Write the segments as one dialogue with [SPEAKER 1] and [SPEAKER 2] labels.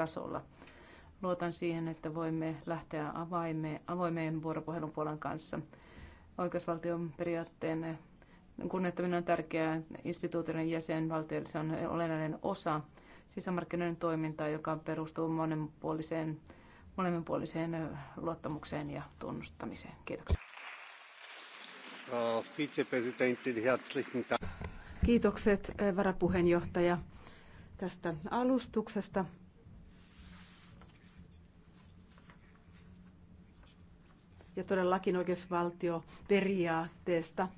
[SPEAKER 1] tasolla. Luotan siihen, että voimme lähteä avaimeen, avoimeen vuoropuhelun Puolan kanssa. Oikeusvaltion periaatteen kunnioittaminen on tärkeää. Instituutioiden jäsenvaltioille se on olennainen osa sisämarkkinoiden toimintaa, joka perustuu monenpuoliseen, molemminpuoliseen luottamukseen ja tunnustamiseen.
[SPEAKER 2] Kiitoksia. Kiitokset varapuheenjohtaja tästä alustuksesta. ja todellakin oikeusvaltioperiaatteesta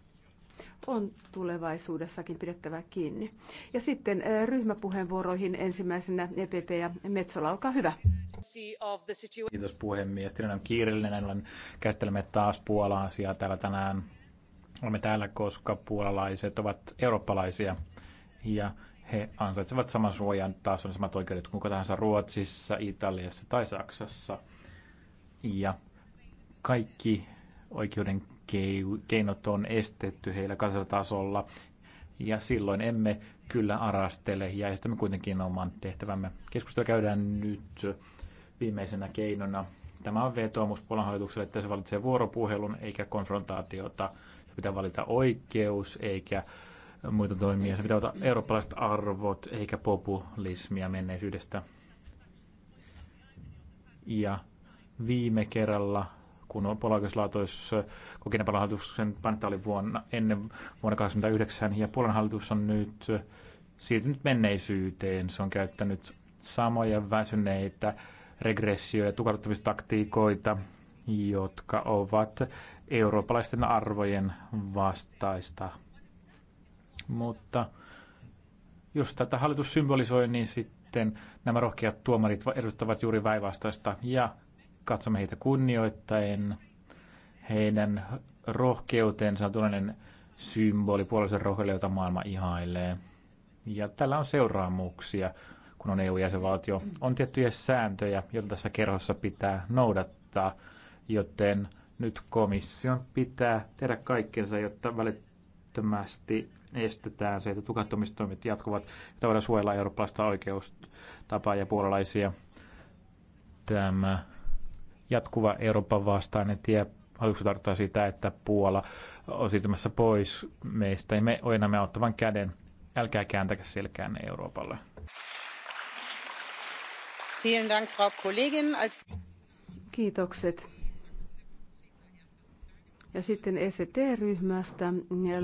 [SPEAKER 2] on tulevaisuudessakin pidettävä kiinni. Ja sitten ryhmäpuheenvuoroihin ensimmäisenä EPP ja Metsola, olkaa hyvä.
[SPEAKER 3] Kiitos puhemies. Tilanne on kiireellinen. Olen käsittelemme taas Puolaa asiaa täällä tänään. Olemme täällä, koska puolalaiset ovat eurooppalaisia ja he ansaitsevat saman suojan, taas on samat oikeudet kuin kuka tahansa Ruotsissa, Italiassa tai Saksassa. Ja kaikki oikeuden keinot on estetty heillä kansallisella ja silloin emme kyllä arastele ja estämme kuitenkin oman tehtävämme. Keskustelua käydään nyt viimeisenä keinona. Tämä on vetoomus Puolan hallitukselle, että se valitsee vuoropuhelun eikä konfrontaatiota. Se pitää valita oikeus eikä muita toimia. Se pitää ottaa eurooppalaiset arvot eikä populismia menneisyydestä. Ja viime kerralla kun on oikeuslaitos koki Nepalan hallituksen vuonna, ennen vuonna 1989, ja Puolan hallitus on nyt siirtynyt menneisyyteen. Se on käyttänyt samoja väsyneitä regressio- ja tukahduttamistaktiikoita, jotka ovat eurooppalaisten arvojen vastaista. Mutta jos tätä hallitus symbolisoi, niin sitten nämä rohkeat tuomarit edustavat juuri väivastaista ja katsomme heitä kunnioittaen. Heidän rohkeutensa on tuollainen symboli puolisen rohkeudelle, jota maailma ihailee. Ja tällä on seuraamuksia, kun on EU-jäsenvaltio. On tiettyjä sääntöjä, joita tässä kerhossa pitää noudattaa, joten nyt komission pitää tehdä kaikkensa, jotta välittömästi estetään se, että tukattomistoimet jatkuvat, jotta voidaan suojella eurooppalaista oikeustapaa ja puolalaisia. Tämä jatkuva Euroopan vastainen tie. Hallitus tarkoittaa sitä, että Puola on siirtymässä pois meistä ja me ojennamme auttavan käden. Älkää kääntäkö selkäänne Euroopalle.
[SPEAKER 2] Kiitokset. Ja sitten ST-ryhmästä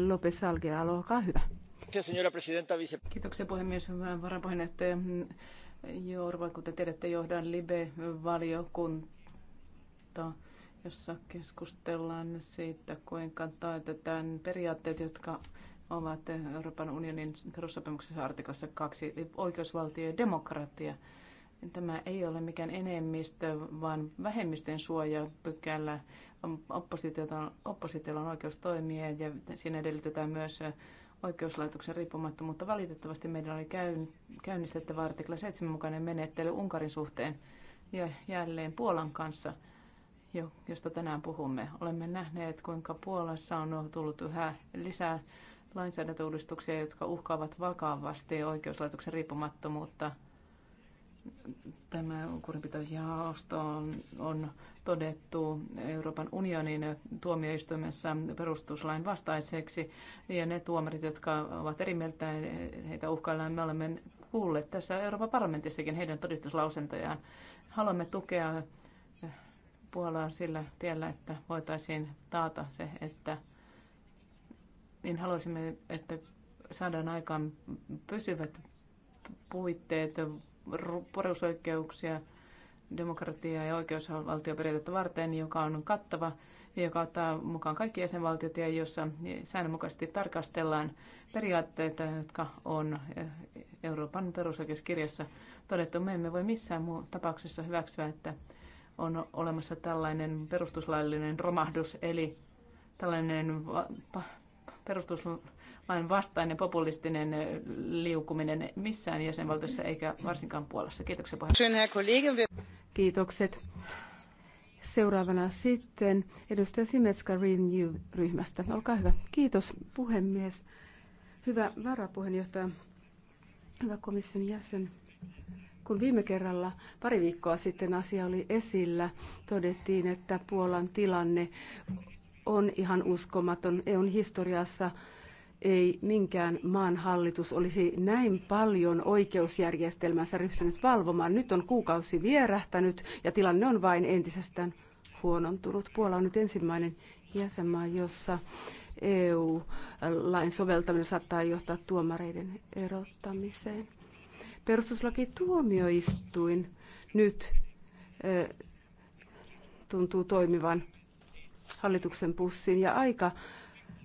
[SPEAKER 2] Lopes Algera, olkaa hyvä.
[SPEAKER 1] Kiitoksia puhemies, varapuheenjohtaja. Jorva, kuten tiedätte, johdan Libe-valiokuntaa tietoa, jossa keskustellaan siitä, kuinka täytetään periaatteet, jotka ovat Euroopan unionin perussopimuksessa artiklassa 2, oikeusvaltio ja demokratia. Tämä ei ole mikään enemmistö, vaan vähemmistön suoja pykälä. Oppositiolla on oikeus toimia ja siinä edellytetään myös oikeuslaitoksen riippumattomuutta. Valitettavasti meidän oli käynnistettävä artikla 7 mukainen menettely Unkarin suhteen ja jälleen Puolan kanssa – josta tänään puhumme. Olemme nähneet, kuinka Puolassa on tullut yhä lisää lainsäädäntöuudistuksia, jotka uhkaavat vakavasti oikeuslaitoksen riippumattomuutta. Tämä kurinpitojaosto on, on todettu Euroopan unionin tuomioistuimessa perustuslain vastaiseksi. Ja ne tuomarit, jotka ovat eri mieltä, heitä uhkaillaan. Me olemme kuulleet tässä Euroopan parlamentissakin heidän todistuslausentojaan. Haluamme tukea puolella on sillä tiellä, että voitaisiin taata se, että niin haluaisimme, että saadaan aikaan pysyvät puitteet perusoikeuksia, demokratiaa ja oikeusvaltioperiaatetta varten, joka on kattava ja joka ottaa mukaan kaikki jäsenvaltiot ja jossa säännönmukaisesti tarkastellaan periaatteita, jotka on Euroopan perusoikeuskirjassa todettu. Me emme voi missään tapauksessa hyväksyä, että on olemassa tällainen perustuslaillinen romahdus, eli tällainen perustuslain vastainen populistinen liukuminen missään jäsenvaltiossa eikä varsinkaan Puolassa. Kiitoksia puheenjohtaja.
[SPEAKER 2] Kiitokset. Seuraavana sitten edustaja Simetska Renew-ryhmästä. Olkaa hyvä. Kiitos puhemies. Hyvä varapuheenjohtaja, hyvä komission jäsen. Kun viime kerralla pari viikkoa sitten asia oli esillä, todettiin, että Puolan tilanne on ihan uskomaton. EUn historiassa ei minkään maan hallitus olisi näin paljon oikeusjärjestelmänsä ryhtynyt valvomaan. Nyt on kuukausi vierähtänyt ja tilanne on vain entisestään huonontunut. Puola on nyt ensimmäinen jäsenmaa, jossa EU-lain soveltaminen saattaa johtaa tuomareiden erottamiseen. Perustuslakituomioistuin nyt tuntuu toimivan hallituksen pussiin ja aika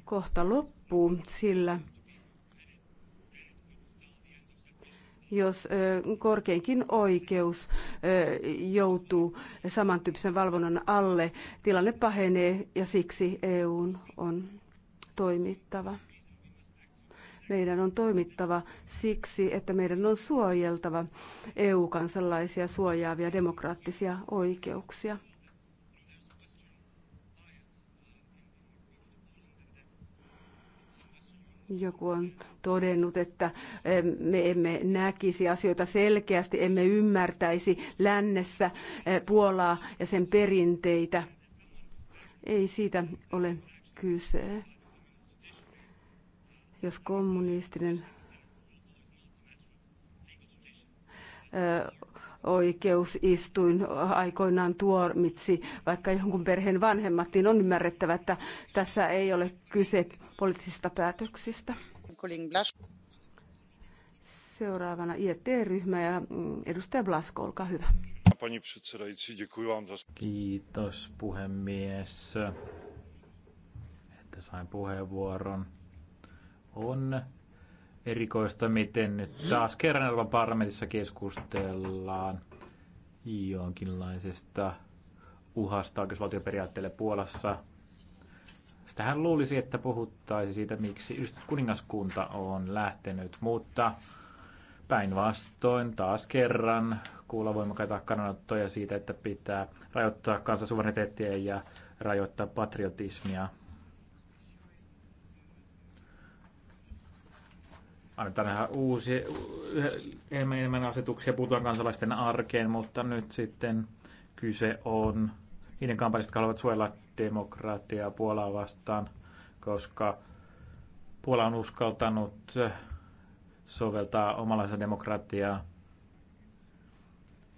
[SPEAKER 2] kohta loppuu, sillä jos korkeinkin oikeus joutuu samantyyppisen valvonnan alle, tilanne pahenee ja siksi EU on toimittava meidän on toimittava siksi, että meidän on suojeltava EU-kansalaisia suojaavia demokraattisia oikeuksia. Joku on todennut, että eh, me emme näkisi asioita selkeästi, emme ymmärtäisi lännessä eh, Puolaa ja sen perinteitä. Ei siitä ole kyse jos kommunistinen oikeusistuin aikoinaan tuomitsi vaikka jonkun perheen vanhemmat, niin on ymmärrettävä, että tässä ei ole kyse poliittisista päätöksistä. Seuraavana IET-ryhmä ja mm, edustaja Blasko, olkaa hyvä.
[SPEAKER 3] Kiitos puhemies, että sain puheenvuoron. On erikoista, miten nyt taas kerran Euroopan parlamentissa keskustellaan jonkinlaisesta uhasta oikeusvaltioperiaatteelle Puolassa. Sitähän luulisi, että puhuttaisi siitä, miksi just kuningaskunta on lähtenyt, mutta päinvastoin taas kerran kuulla voimakkaita kannanottoja siitä, että pitää rajoittaa kansansuvereniteettia ja rajoittaa patriotismia – annetaan ihan uusia, enemmän, enemmän asetuksia, puututaan kansalaisten arkeen, mutta nyt sitten kyse on niiden kampanjista, jotka haluavat suojella demokratiaa Puolaa vastaan, koska Puola on uskaltanut soveltaa omalaisen demokratiaa,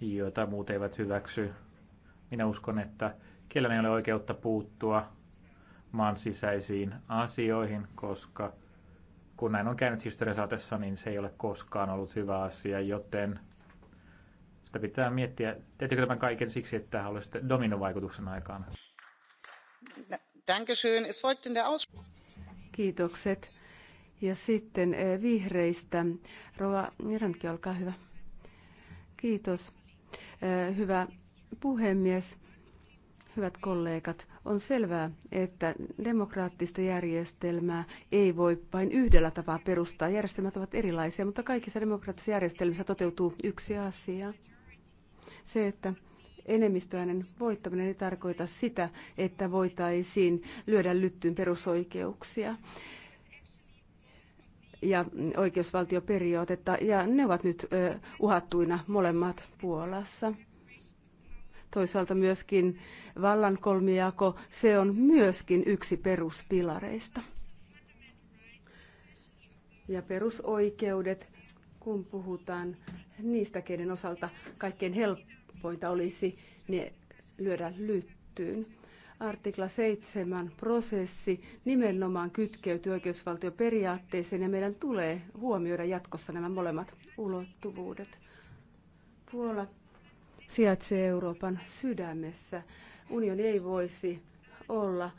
[SPEAKER 3] joita muut eivät hyväksy. Minä uskon, että kellään ei ole oikeutta puuttua maan sisäisiin asioihin, koska – kun näin on käynyt historian saatessa, niin se ei ole koskaan ollut hyvä asia, joten sitä pitää miettiä. Teettekö tämän kaiken siksi, että olisi dominovaikutuksen aikaan?
[SPEAKER 2] Kiitokset. Ja sitten eh, vihreistä. Rova Mirantki, olkaa hyvä. Kiitos. Eh, hyvä puhemies. Hyvät kollegat, on selvää, että demokraattista järjestelmää ei voi vain yhdellä tapaa perustaa. Järjestelmät ovat erilaisia, mutta kaikissa demokraattisissa järjestelmissä toteutuu yksi asia. Se, että enemmistöäinen voittaminen ei tarkoita sitä, että voitaisiin lyödä lyttyyn perusoikeuksia ja oikeusvaltioperiaatetta, ja ne ovat nyt uhattuina molemmat Puolassa toisaalta myöskin vallan kolmijako, se on myöskin yksi peruspilareista. Ja perusoikeudet, kun puhutaan niistä, keiden osalta kaikkein helpointa olisi ne lyödä lyttyyn artikla 7 prosessi nimenomaan kytkeytyy oikeusvaltioperiaatteeseen ja meidän tulee huomioida jatkossa nämä molemmat ulottuvuudet. Puola sijaitsee Euroopan sydämessä. Unioni ei voisi olla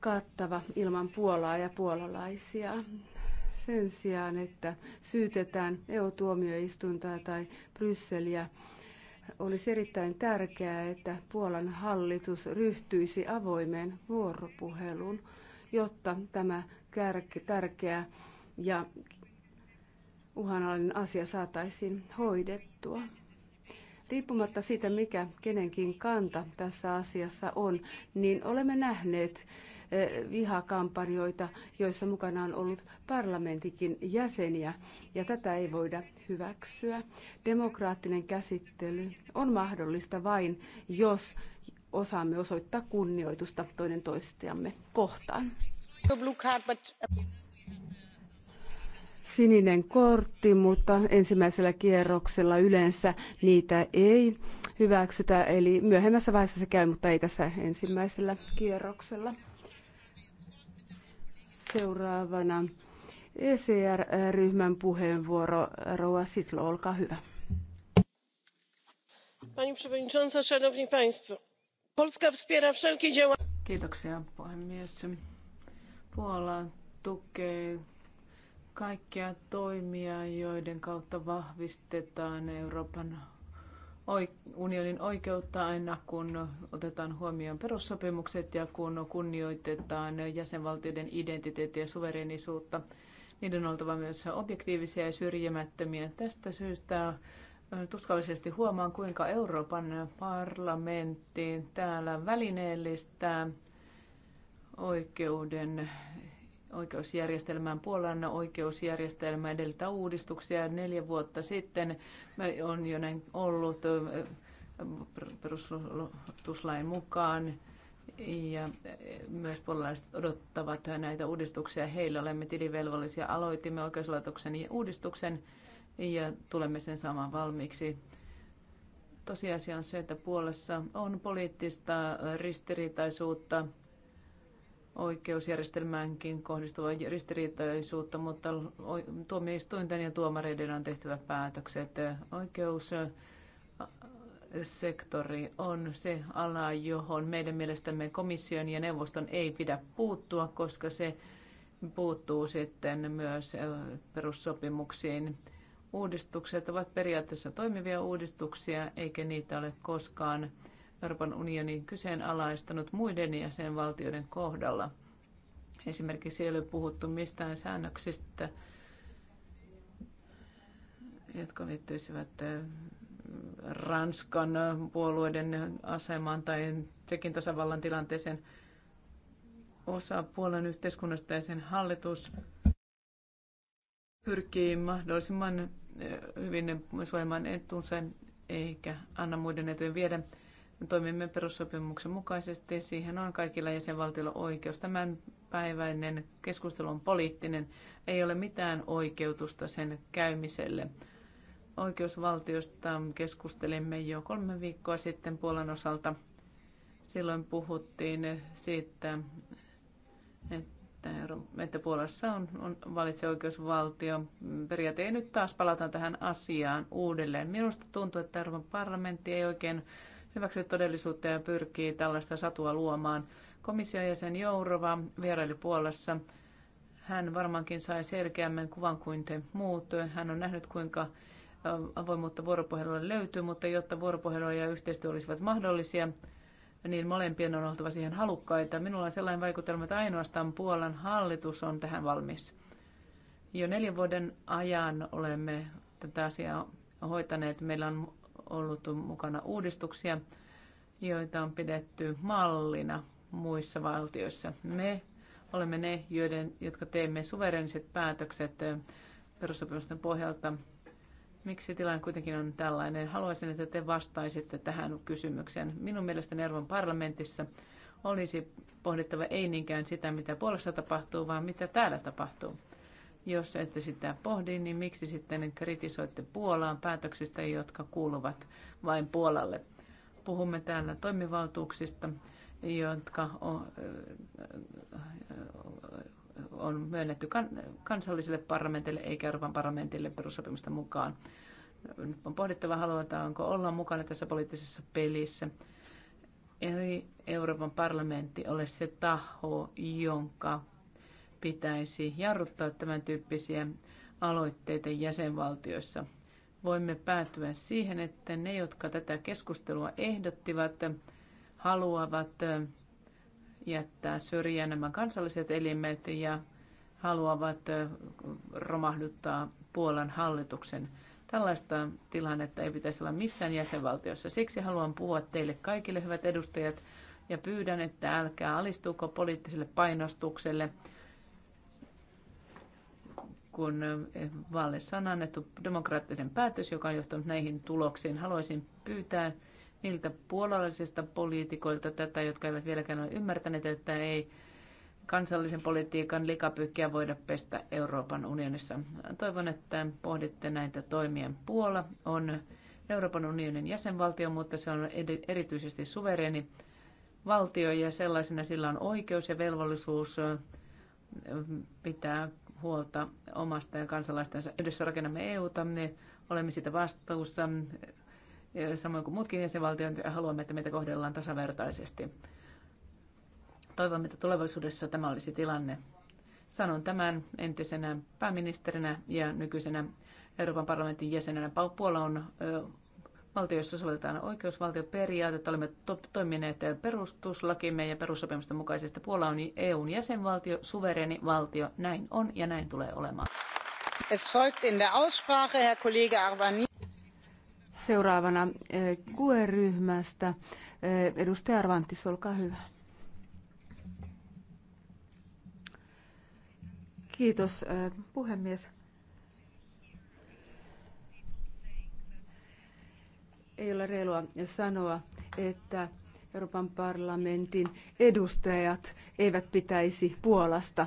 [SPEAKER 2] kattava ilman Puolaa ja puolalaisia. Sen sijaan, että syytetään EU-tuomioistuntaa tai Brysseliä, olisi erittäin tärkeää, että Puolan hallitus ryhtyisi avoimeen vuoropuheluun, jotta tämä tärkeä ja uhanalainen asia saataisiin hoidettua. Riippumatta siitä, mikä kenenkin kanta tässä asiassa on, niin olemme nähneet eh, vihakampanjoita, joissa mukana on ollut parlamentikin jäseniä, ja tätä ei voida hyväksyä. Demokraattinen käsittely on mahdollista vain, jos osaamme osoittaa kunnioitusta toinen toistamme kohtaan sininen kortti, mutta ensimmäisellä kierroksella yleensä niitä ei hyväksytä. Eli myöhemmässä vaiheessa se käy, mutta ei tässä ensimmäisellä kierroksella. Seuraavana ECR-ryhmän puheenvuoro. Rouva Sitlo, olkaa hyvä.
[SPEAKER 1] Pani przewodnicząca, szanowni państwo. Polska wspiera wszelkie działania. Kiitoksia puhemies. Puola tukee kaikkia toimia, joiden kautta vahvistetaan Euroopan unionin oikeutta aina, kun otetaan huomioon perussopimukset ja kun kunnioitetaan jäsenvaltioiden identiteettiä ja suvereenisuutta. Niiden on oltava myös objektiivisia ja syrjimättömiä. Tästä syystä tuskallisesti huomaan, kuinka Euroopan parlamentti täällä välineellistää oikeuden oikeusjärjestelmään. Puolan oikeusjärjestelmä edeltää uudistuksia. Neljä vuotta sitten on jo näin ollut perustuslain mukaan. Ja myös puolalaiset odottavat näitä uudistuksia. Heillä olemme tilivelvollisia. Aloitimme oikeuslaitoksen uudistuksen ja tulemme sen saamaan valmiiksi. Tosiasia on se, että Puolassa on poliittista ristiriitaisuutta oikeusjärjestelmäänkin kohdistuvaa ristiriitaisuutta, mutta tuomioistuinten ja tuomareiden on tehtävä päätökset. Oikeussektori äh, on se ala, johon meidän mielestämme komission ja neuvoston ei pidä puuttua, koska se puuttuu sitten myös äh, perussopimuksiin. Uudistukset ovat periaatteessa toimivia uudistuksia, eikä niitä ole koskaan Euroopan unioni kyseenalaistanut muiden jäsenvaltioiden kohdalla. Esimerkiksi ei ole puhuttu mistään säännöksistä, jotka liittyisivät eh, Ranskan puolueiden asemaan tai Tsekin tasavallan tilanteeseen. Osa puolen yhteiskunnasta ja sen hallitus pyrkii mahdollisimman eh, hyvin suojamaan etunsa eikä anna muiden etujen viedä me toimimme perussopimuksen mukaisesti. Siihen on kaikilla jäsenvaltioilla oikeus. Tämän päiväinen keskustelu on poliittinen. Ei ole mitään oikeutusta sen käymiselle. Oikeusvaltiosta keskustelimme jo kolme viikkoa sitten Puolan osalta. Silloin puhuttiin siitä, että, että Puolassa on, on valitse oikeusvaltio. Periaate ei nyt taas palata tähän asiaan uudelleen. Minusta tuntuu, että Euroopan parlamentti ei oikein hyväksy todellisuutta ja pyrkii tällaista satua luomaan. Komission jäsen Jourova vieraili Puolassa. Hän varmaankin sai selkeämmän kuvan kuin te muut. Hän on nähnyt, kuinka äh, avoimuutta vuoropuhelulle löytyy, mutta jotta vuoropuhelu ja yhteistyö olisivat mahdollisia, niin molempien on oltava siihen halukkaita. Minulla on sellainen vaikutelma, että ainoastaan Puolan hallitus on tähän valmis. Jo neljän vuoden ajan olemme tätä asiaa hoitaneet. Meillä on ollut mukana uudistuksia, joita on pidetty mallina muissa valtioissa. Me olemme ne, joiden, jotka teemme suvereniset päätökset perussopimusten pohjalta. Miksi tilanne kuitenkin on tällainen? Haluaisin, että te vastaisitte tähän kysymykseen. Minun mielestäni Euroopan parlamentissa olisi pohdittava ei niinkään sitä, mitä puolessa tapahtuu, vaan mitä täällä tapahtuu. Jos ette sitä pohdi, niin miksi sitten kritisoitte Puolaan päätöksistä, jotka kuuluvat vain Puolalle? Puhumme täällä toimivaltuuksista, jotka on, on myönnetty kansallisille parlamentille eikä Euroopan parlamentille perussopimusta mukaan. Nyt on pohdittava, halutaanko olla mukana tässä poliittisessa pelissä. Eli Euroopan parlamentti ole se taho, jonka pitäisi jarruttaa tämän tyyppisiä aloitteita jäsenvaltioissa. Voimme päätyä siihen, että ne, jotka tätä keskustelua ehdottivat, haluavat jättää syrjään nämä kansalliset elimet ja haluavat romahduttaa Puolan hallituksen. Tällaista tilannetta ei pitäisi olla missään jäsenvaltiossa. Siksi haluan puhua teille kaikille, hyvät edustajat, ja pyydän, että älkää alistuuko poliittiselle painostukselle – kun eh, vaaleissa on annettu demokraattinen päätös, joka on johtanut näihin tuloksiin. Haluaisin pyytää niiltä puolalaisista poliitikoilta tätä, jotka eivät vieläkään ole ymmärtäneet, että ei kansallisen politiikan likapyykkiä voida pestä Euroopan unionissa. Toivon, että pohditte näitä toimien Puola on Euroopan unionin jäsenvaltio, mutta se on erityisesti suvereeni valtio ja sellaisena sillä on oikeus ja velvollisuus eh, pitää huolta omasta ja kansalaistensa. Yhdessä rakennamme EUta, me olemme siitä vastuussa, samoin kuin muutkin jäsenvaltiot, haluamme, että meitä kohdellaan tasavertaisesti. Toivomme, että tulevaisuudessa tämä olisi tilanne. Sanon tämän entisenä pääministerinä ja nykyisenä Euroopan parlamentin jäsenenä. Puola on valtioissa sovelletaan oikeusvaltioperiaatetta. Olemme to- toimineet perustuslakimme ja perussopimusten mukaisesti. Puola on EUn jäsenvaltio, suvereni valtio. Näin on ja näin tulee olemaan. Es folgt in der Aussprache Herr Kollege Arvani.
[SPEAKER 2] Seuraavana QE-ryhmästä eh, eh, edustaja Arvantis, olkaa hyvä. Kiitos eh, puhemies. ei ole reilua sanoa, että Euroopan parlamentin edustajat eivät pitäisi Puolasta.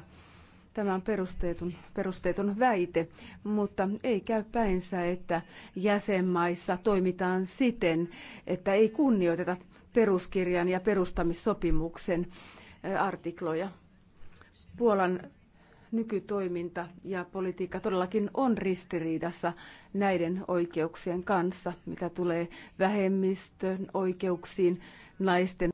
[SPEAKER 2] Tämä on perusteetun, perusteetun väite, mutta ei käy päinsä, että jäsenmaissa toimitaan siten, että ei kunnioiteta peruskirjan ja perustamissopimuksen artikloja. Puolan nykytoiminta ja politiikka todellakin on ristiriidassa näiden oikeuksien kanssa, mitä tulee vähemmistön oikeuksiin, naisten.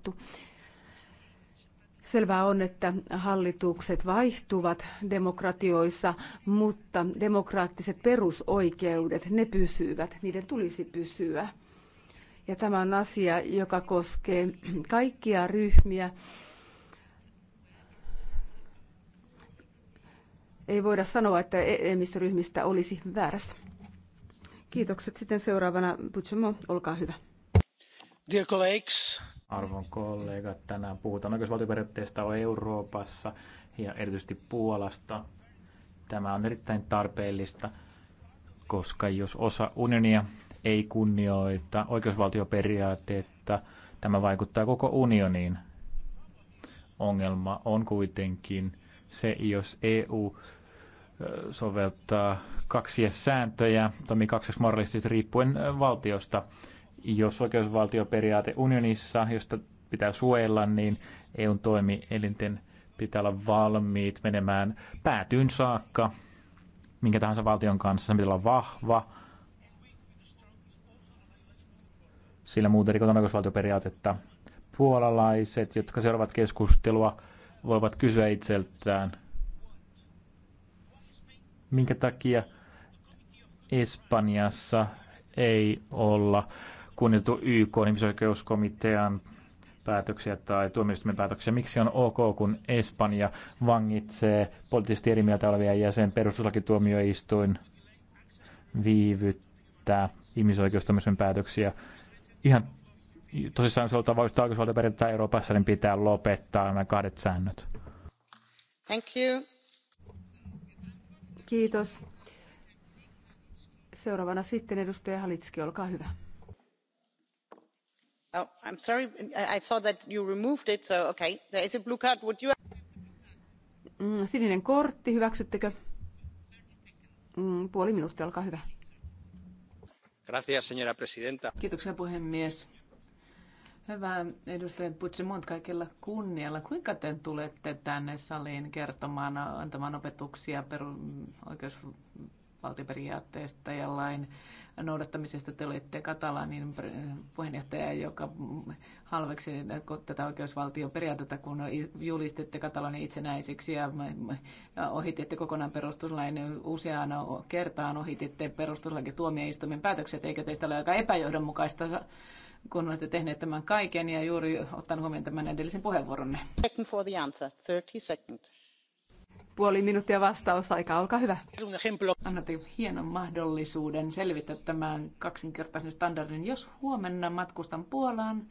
[SPEAKER 2] Selvää on, että hallitukset vaihtuvat demokratioissa, mutta demokraattiset perusoikeudet, ne pysyvät, niiden tulisi pysyä. Ja tämä on asia, joka koskee kaikkia ryhmiä ei voida sanoa, että e- enemmistöryhmistä olisi väärässä. Kiitokset. Sitten seuraavana Butchemo, olkaa hyvä.
[SPEAKER 3] Dear colleagues. Arvon kollegat, tänään puhutaan oikeusvaltioperiaatteesta Euroopassa ja erityisesti Puolasta. Tämä on erittäin tarpeellista, koska jos osa unionia ei kunnioita oikeusvaltioperiaatteetta, tämä vaikuttaa koko unioniin. Ongelma on kuitenkin – se, jos EU soveltaa kaksi sääntöjä, toimii kaksiksi moralistisesti riippuen valtiosta. Jos oikeusvaltioperiaate unionissa, josta pitää suojella, niin EUn toimielinten pitää olla valmiit menemään päätyyn saakka minkä tahansa valtion kanssa. Se pitää olla vahva, sillä muuten rikotaan oikeusvaltioperiaatetta. Puolalaiset, jotka seuraavat keskustelua, voivat kysyä itseltään, minkä takia Espanjassa ei olla kuunneltu YK ihmisoikeuskomitean päätöksiä tai tuomioistuimen päätöksiä. Miksi on ok, kun Espanja vangitsee poliittisesti eri mieltä olevia jäsen perustuslakituomioistuin viivyttää ihmisoikeustuomioistuimen päätöksiä ihan tosissaan jos voisi vahvistaa oikeusvaltioperiaatetta Euroopassa, niin pitää lopettaa nämä kahdet säännöt.
[SPEAKER 2] Thank you. Kiitos. Seuraavana sitten edustaja Halitski, olkaa hyvä.
[SPEAKER 4] Oh, I'm sorry, I saw that you removed it, so okay. There is a blue card. Would you...
[SPEAKER 2] Mm, sininen kortti, hyväksyttekö? Mm, puoli minuuttia, olkaa hyvä.
[SPEAKER 3] Gracias, señora presidenta.
[SPEAKER 2] Kiitoksia puhemies
[SPEAKER 1] Hyvä edustaja Putsimont kaikilla kunnialla. Kuinka te tulette tänne saliin kertomaan, antamaan opetuksia peru- oikeusvaltioperiaatteesta ja lain noudattamisesta? Te olette Katalanin puheenjohtaja, joka halveksi tätä oikeusvaltioperiaatetta, kun julistitte Katalanin itsenäiseksi ja ohititte kokonaan perustuslain useaan kertaan, ohititte perustuslain tuomioistuimen päätökset, eikä teistä ole aika epäjohdonmukaista kun olette tehneet tämän kaiken ja juuri ottanut huomioon tämän edellisen puheenvuoronne. For the answer, 30 second. Puoli minuuttia vastausaika, olkaa hyvä. Annatte hienon mahdollisuuden selvittää tämän kaksinkertaisen standardin. Jos huomenna matkustan Puolaan,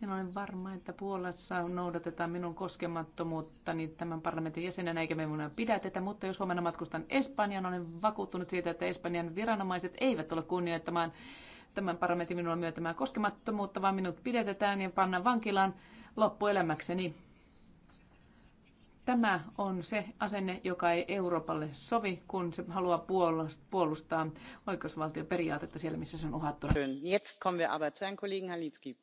[SPEAKER 1] niin olen varma, että Puolassa noudatetaan minun koskemattomuutta niin tämän parlamentin jäsenenä, eikä me minua pidätetä, mutta jos huomenna matkustan Espanjaan, olen vakuuttunut siitä, että Espanjan viranomaiset eivät ole kunnioittamaan tämän parametin minulla myötämää koskemattomuutta, vaan minut pidetetään ja pannaan vankilaan loppuelämäkseni. Tämä on se asenne, joka ei Euroopalle sovi, kun se haluaa puolustaa oikeusvaltioperiaatetta siellä, missä se on uhattuna. Kollegen
[SPEAKER 4] Halitski,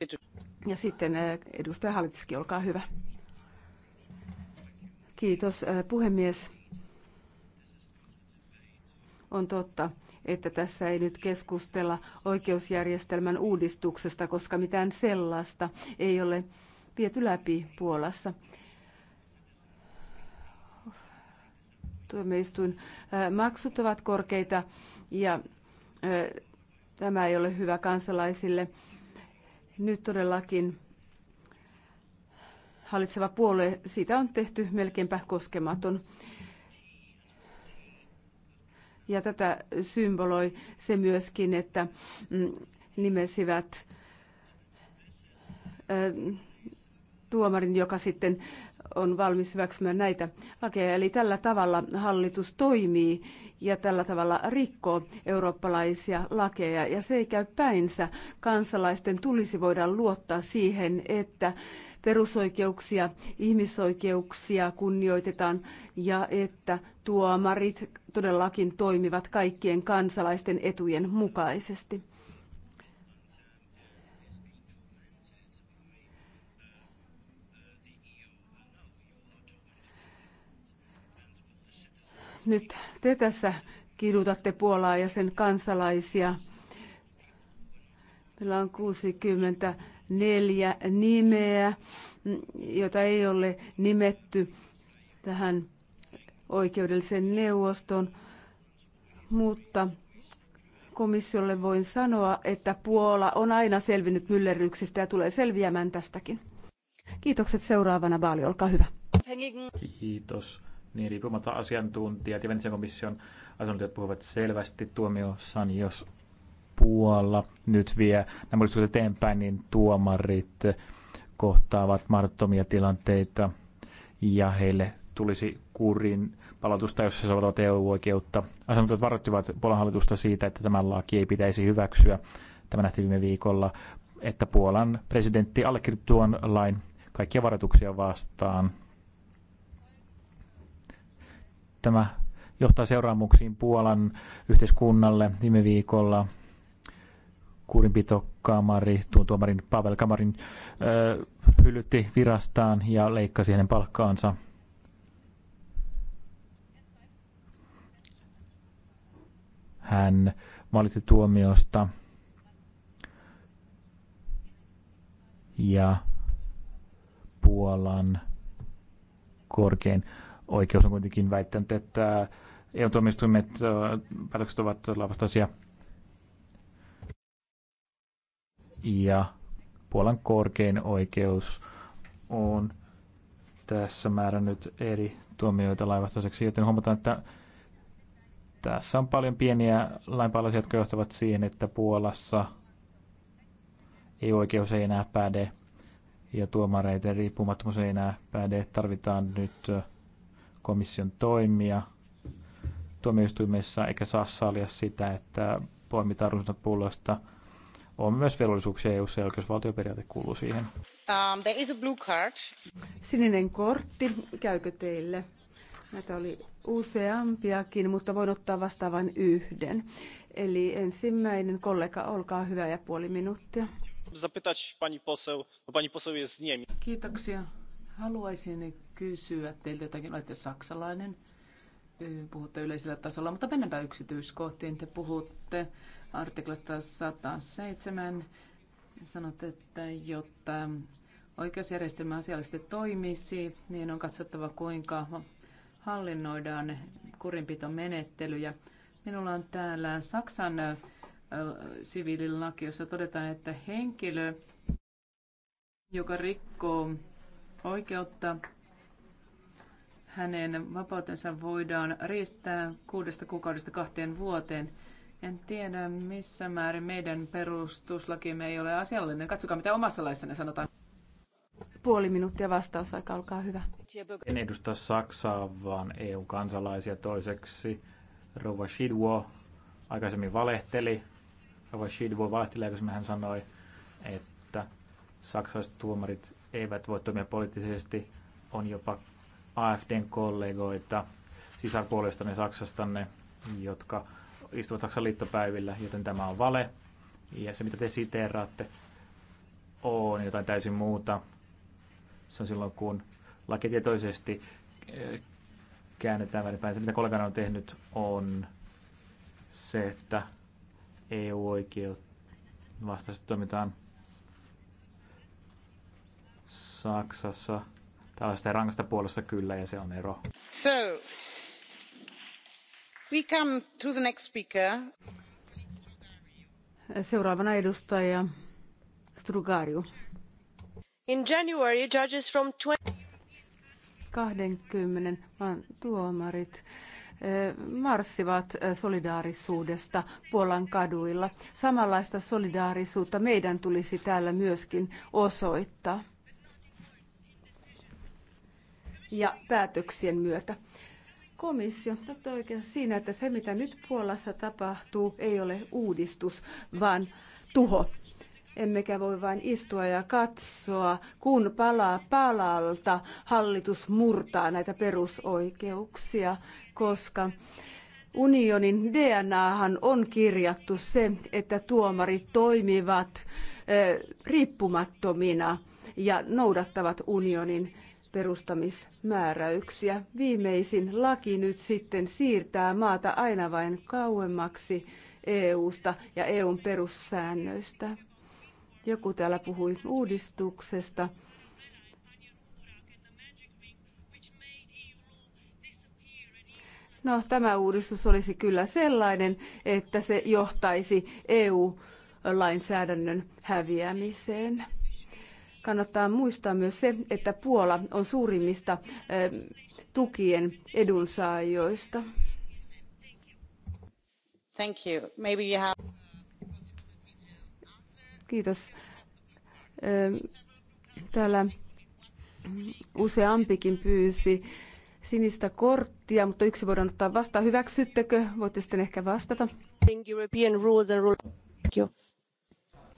[SPEAKER 2] Ja sitten äh, edustaja Halitski, olkaa hyvä. Kiitos äh, puhemies. On totta, että tässä ei nyt keskustella oikeusjärjestelmän uudistuksesta, koska mitään sellaista ei ole viety läpi Puolassa. Tuomioistuin maksut ovat korkeita ja tämä ei ole hyvä kansalaisille. Nyt todellakin hallitseva puolue, siitä on tehty melkeinpä koskematon. Ja tätä symboloi se myöskin, että mm, nimesivät tuomarin, joka sitten on valmis hyväksymään näitä lakeja. Eli tällä tavalla hallitus toimii ja tällä tavalla rikkoo eurooppalaisia lakeja. Ja se ei käy päinsä. Kansalaisten tulisi voida luottaa siihen, että perusoikeuksia, ihmisoikeuksia kunnioitetaan ja että tuomarit todellakin toimivat kaikkien kansalaisten etujen mukaisesti. Nyt te tässä kidutatte Puolaa ja sen kansalaisia. Meillä on 60 neljä nimeä, jota ei ole nimetty tähän oikeudellisen neuvoston, mutta komissiolle voin sanoa, että Puola on aina selvinnyt myllerryksistä ja tulee selviämään tästäkin. Kiitokset seuraavana Baali, olkaa hyvä.
[SPEAKER 3] Kiitos. Niin, riippumatta asiantuntijat ja komission asiantuntijat puhuvat selvästi tuomiossaan, jos puolella nyt vie nämä muistukset eteenpäin, niin tuomarit kohtaavat mahdottomia tilanteita ja heille tulisi kurin palautusta, jos he saavat EU-oikeutta. Asiantuntijat varoittivat Puolan hallitusta siitä, että tämän laki ei pitäisi hyväksyä. Tämä nähtiin viime viikolla, että Puolan presidentti allekirjoitti tuon lain kaikkia varoituksia vastaan. Tämä johtaa seuraamuksiin Puolan yhteiskunnalle viime viikolla kurinpitokamari, tuon tuomarin Pavel Kamarin, öö, hylytti virastaan ja leikkasi hänen palkkaansa. Hän valitti tuomiosta ja Puolan korkein oikeus on kuitenkin väittänyt, että EU-tuomioistuimet päätökset ovat lavastaisia ja Puolan korkein oikeus on tässä määrännyt eri tuomioita laivastaiseksi, joten huomataan, että tässä on paljon pieniä lainpalaisia, jotka johtavat siihen, että Puolassa ei oikeus ei enää päde ja tuomareiden riippumattomuus ei enää päde. Tarvitaan nyt komission toimia tuomioistuimessa eikä saa sallia sitä, että poimitaan runsasta pullosta – on myös velvollisuuksia EU-ssa ja oikeusvaltioperiaate kuuluu siihen.
[SPEAKER 2] Um, there is a blue card. Sininen kortti, käykö teille? Näitä oli useampiakin, mutta voin ottaa vastaan vain yhden. Eli ensimmäinen kollega, olkaa hyvä ja puoli minuuttia.
[SPEAKER 3] Zapytać pani poseł, pani poseł jest z
[SPEAKER 2] Kiitoksia. Haluaisin kysyä
[SPEAKER 1] teiltä jotakin, olette saksalainen, puhutte yleisellä tasolla, mutta mennäänpä yksityiskohtiin. Te puhutte artiklasta 107 sanot, että jotta oikeusjärjestelmä asiallisesti toimisi, niin on katsottava kuinka hallinnoidaan kurinpitomenettelyjä. Minulla on täällä Saksan siviililaki, jossa todetaan, että henkilö, joka rikkoo oikeutta, hänen vapautensa voidaan riistää kuudesta kuukaudesta kahteen vuoteen – en tiedä, missä määrin meidän perustuslakimme ei ole asiallinen. Katsokaa, mitä omassa laissanne sanotaan.
[SPEAKER 2] Puoli minuuttia vastausaika, olkaa hyvä.
[SPEAKER 3] En edusta Saksaa, vaan EU-kansalaisia toiseksi. Rova Shidwo aikaisemmin valehteli. Rova Shidwo valehteli aikaisemmin, hän sanoi, että saksalaiset tuomarit eivät voi toimia poliittisesti. On jopa AFDn kollegoita sisarpuolestanne Saksastanne, jotka istuvat Saksan liittopäivillä, joten tämä on vale. Ja se, mitä te siteeraatte, on jotain täysin muuta. Se on silloin, kun lakitietoisesti eh, käännetään väärinpäin. Se, mitä kollegana on tehnyt, on se, että EU-oikeut vastaisesti toimitaan Saksassa. Tällaista rangaista puolesta kyllä, ja se on ero.
[SPEAKER 4] So,
[SPEAKER 2] Seuraavana edustaja Strugariu.
[SPEAKER 4] In January, judges from
[SPEAKER 2] 20... maan tuomarit eh, marssivat eh, solidaarisuudesta Puolan kaduilla. Samanlaista solidaarisuutta meidän tulisi täällä myöskin osoittaa. Ja päätöksien myötä komissio. Tätä oikein siinä, että se mitä nyt Puolassa tapahtuu ei ole uudistus, vaan tuho. Emmekä voi vain istua ja katsoa, kun palaa palalta hallitus murtaa näitä perusoikeuksia, koska unionin DNAhan on kirjattu se, että tuomarit toimivat eh, riippumattomina ja noudattavat unionin perustamismääräyksiä. Viimeisin laki nyt sitten siirtää maata aina vain kauemmaksi EUsta ja EUn perussäännöistä. Joku täällä puhui uudistuksesta. No, tämä uudistus olisi kyllä sellainen, että se johtaisi EU-lainsäädännön häviämiseen. Kannattaa muistaa myös se, että Puola on suurimmista eh, tukien edunsaajoista. Thank you. Maybe you have... Kiitos. Eh, täällä useampikin pyysi sinistä korttia, mutta yksi voidaan ottaa vastaan. Hyväksyttekö? Voitte sitten ehkä vastata. European rules and rules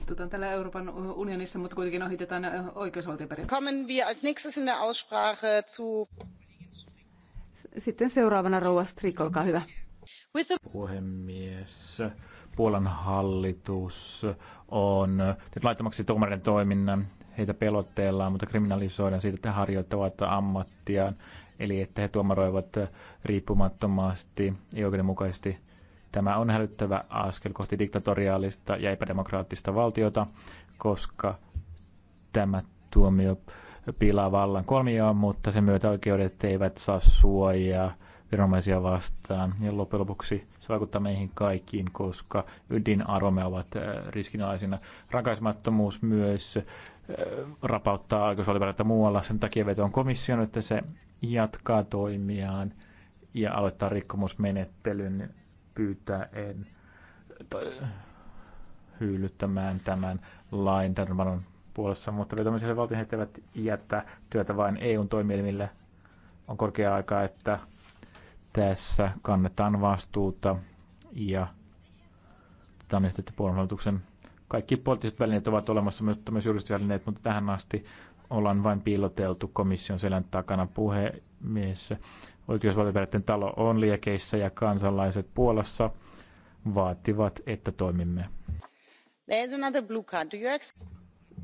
[SPEAKER 1] istutaan täällä Euroopan unionissa, mutta kuitenkin ohitetaan oikeusvaltioperiaatteet. Kommen wir als nächstes in der Aussprache zu...
[SPEAKER 2] Sitten seuraavana rouva Strik, olkaa hyvä.
[SPEAKER 3] the... Puhemies, Puolan hallitus on nyt laittomaksi tuomarin toiminnan. Heitä pelotteellaan, mutta kriminalisoidaan siitä, että he harjoittavat ammattiaan. Eli että he tuomaroivat riippumattomasti ja oikeudenmukaisesti Tämä on hälyttävä askel kohti diktatoriaalista ja epädemokraattista valtiota, koska tämä tuomio pilaa vallan kolmioon, mutta sen myötä oikeudet eivät saa suojaa viranomaisia vastaan. Ja loppujen lopuksi se vaikuttaa meihin kaikkiin, koska ydinarvomme ovat äh, riskinalaisina. Rakaisemattomuus myös äh, rapauttaa oikeusvaltioperiaatetta muualla. Sen takia veto on komission, että se jatkaa toimiaan ja aloittaa rikkomusmenettelyn pyytää tai, hyllyttämään tämän lain tämän puolessa, mutta vetämiselle valtiot eivät jättää työtä vain EUn toimielimille. On korkea aika, että tässä kannetaan vastuuta ja tämä on yhteyttä puolueen Kaikki poliittiset välineet ovat olemassa, mutta myös juridiset välineet, mutta tähän asti ollaan vain piiloteltu komission selän takana puhemies Oikeusvaltioperiaatteen talo on liekeissä ja kansalaiset Puolassa vaativat, että toimimme.
[SPEAKER 2] There's another blue card. Do you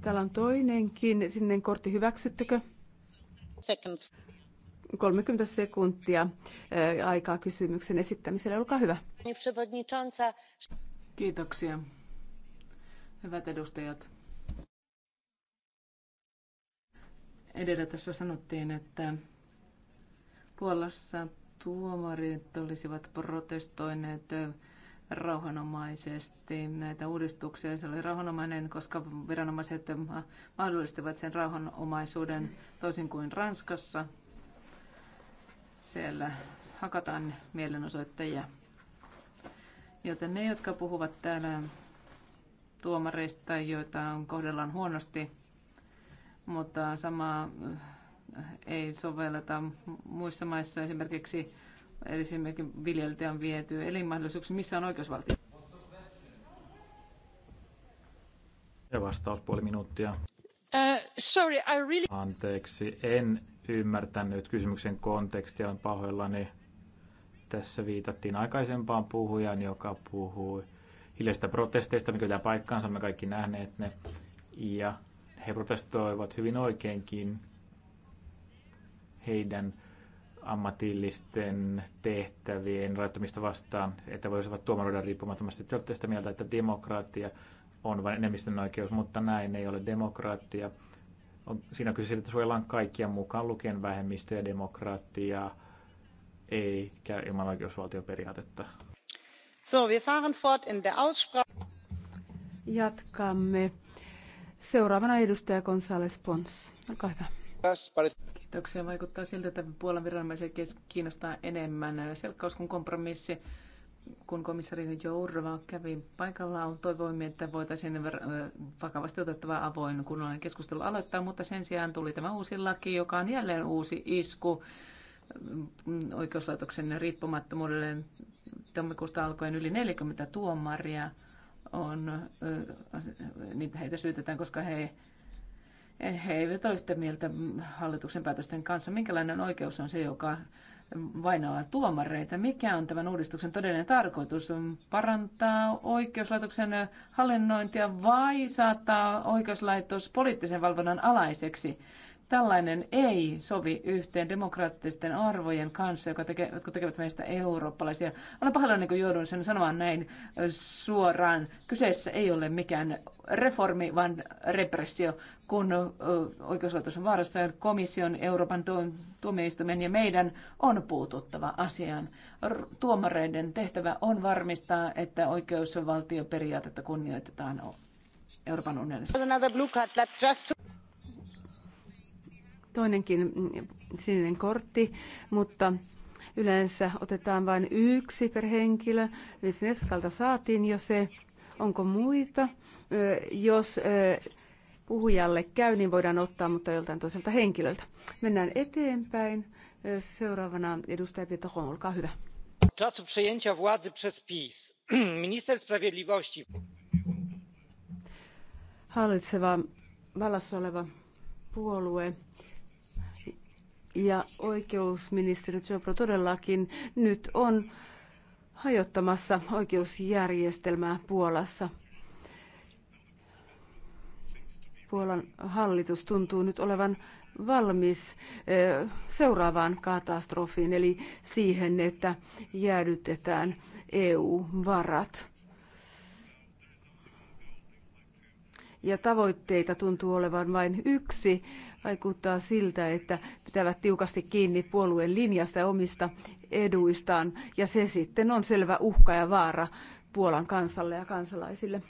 [SPEAKER 2] Täällä on toinenkin. Sinne kortti hyväksyttekö? Seconds. 30 sekuntia eh, aikaa kysymyksen esittämiselle. Olkaa hyvä. Kiitoksia.
[SPEAKER 1] Hyvät edustajat. Edellä tässä sanottiin, että Puolassa tuomarit olisivat protestoineet rauhanomaisesti näitä uudistuksia. Se oli rauhanomainen, koska viranomaiset mahdollistivat sen rauhanomaisuuden toisin kuin Ranskassa. Siellä hakataan mielenosoittajia. Joten ne, jotka puhuvat täällä tuomareista, joita on kohdellaan huonosti, mutta sama ei sovelleta muissa maissa. Esimerkiksi, esimerkiksi viljelijöiltä on viety elinmahdollisuuksia. Missä on
[SPEAKER 3] oikeusvaltio? Ja vastaus puoli minuuttia.
[SPEAKER 1] Uh, sorry, I really...
[SPEAKER 3] Anteeksi, en ymmärtänyt kysymyksen kontekstia, olen pahoillani. Tässä viitattiin aikaisempaan puhujaan, joka puhui hiljaisista protesteista, mikä pitää paikkaansa, me kaikki nähneet ne. Ja he protestoivat hyvin oikeinkin heidän ammatillisten tehtävien rajoittamista vastaan, että voisivat tuomaroida riippumattomasti. Te olette sitä mieltä, että demokratia on vain enemmistön oikeus, mutta näin ei ole demokratia. On, siinä on kyse siitä, että suojellaan kaikkia mukaan lukien vähemmistöjä, demokratiaa, ei käy ilman oikeusvaltioperiaatetta.
[SPEAKER 4] So, wir fahren fort in der Aussprache.
[SPEAKER 2] Jatkamme. Seuraavana edustaja González Pons. Olkaa hyvä.
[SPEAKER 1] Kiitoksia. Vaikuttaa siltä, että Puolan viranomaisia kiinnostaa enemmän selkkaus kuin kompromissi. Kun komissari Jourova kävi paikallaan, toivoimme, että voitaisiin vakavasti otettava avoin kunnollinen keskustelu aloittaa, mutta sen sijaan tuli tämä uusi laki, joka on jälleen uusi isku oikeuslaitoksen riippumattomuudelle. Tammikuusta alkoen yli 40 tuomaria on, niitä heitä syytetään, koska he he eivät ole yhtä mieltä hallituksen päätösten kanssa. Minkälainen oikeus on se, joka vainaa tuomareita? Mikä on tämän uudistuksen todellinen tarkoitus? Parantaa oikeuslaitoksen hallinnointia vai saattaa oikeuslaitos poliittisen valvonnan alaiseksi? Tällainen ei sovi yhteen demokraattisten arvojen kanssa, joka tekee, jotka tekevät meistä eurooppalaisia. Olen pahoillani, kun joudun sen sanomaan näin suoraan. Kyseessä ei ole mikään reformi, vaan repressio, kun oikeuslaitos on vaarassa. Komission, Euroopan tuomioistuimen ja meidän on puututtava asiaan. Tuomareiden tehtävä on varmistaa, että oikeusvaltioperiaatetta kunnioitetaan Euroopan unionissa
[SPEAKER 2] toinenkin mm, sininen kortti, mutta yleensä otetaan vain yksi per henkilö. Vitsnevskalta saatiin jo se. Onko muita? Jos puhujalle käy, niin voidaan ottaa, mutta joltain toiselta henkilöltä. Mennään eteenpäin. Seuraavana edustaja Pietohon, olkaa hyvä.
[SPEAKER 4] Czasu przejęcia władzy przez PiS. Minister Sprawiedliwości.
[SPEAKER 2] Hallitseva vallassa oleva puolue ja oikeusministeri Chopra todellakin nyt on hajottamassa oikeusjärjestelmää Puolassa. Puolan hallitus tuntuu nyt olevan valmis seuraavaan katastrofiin, eli siihen, että jäädytetään EU-varat. Ja tavoitteita tuntuu olevan vain yksi, vaikuttaa siltä, että pitävät tiukasti kiinni puolueen linjasta ja omista eduistaan, ja se sitten on selvä uhka ja vaara Puolan kansalle ja kansalaisille.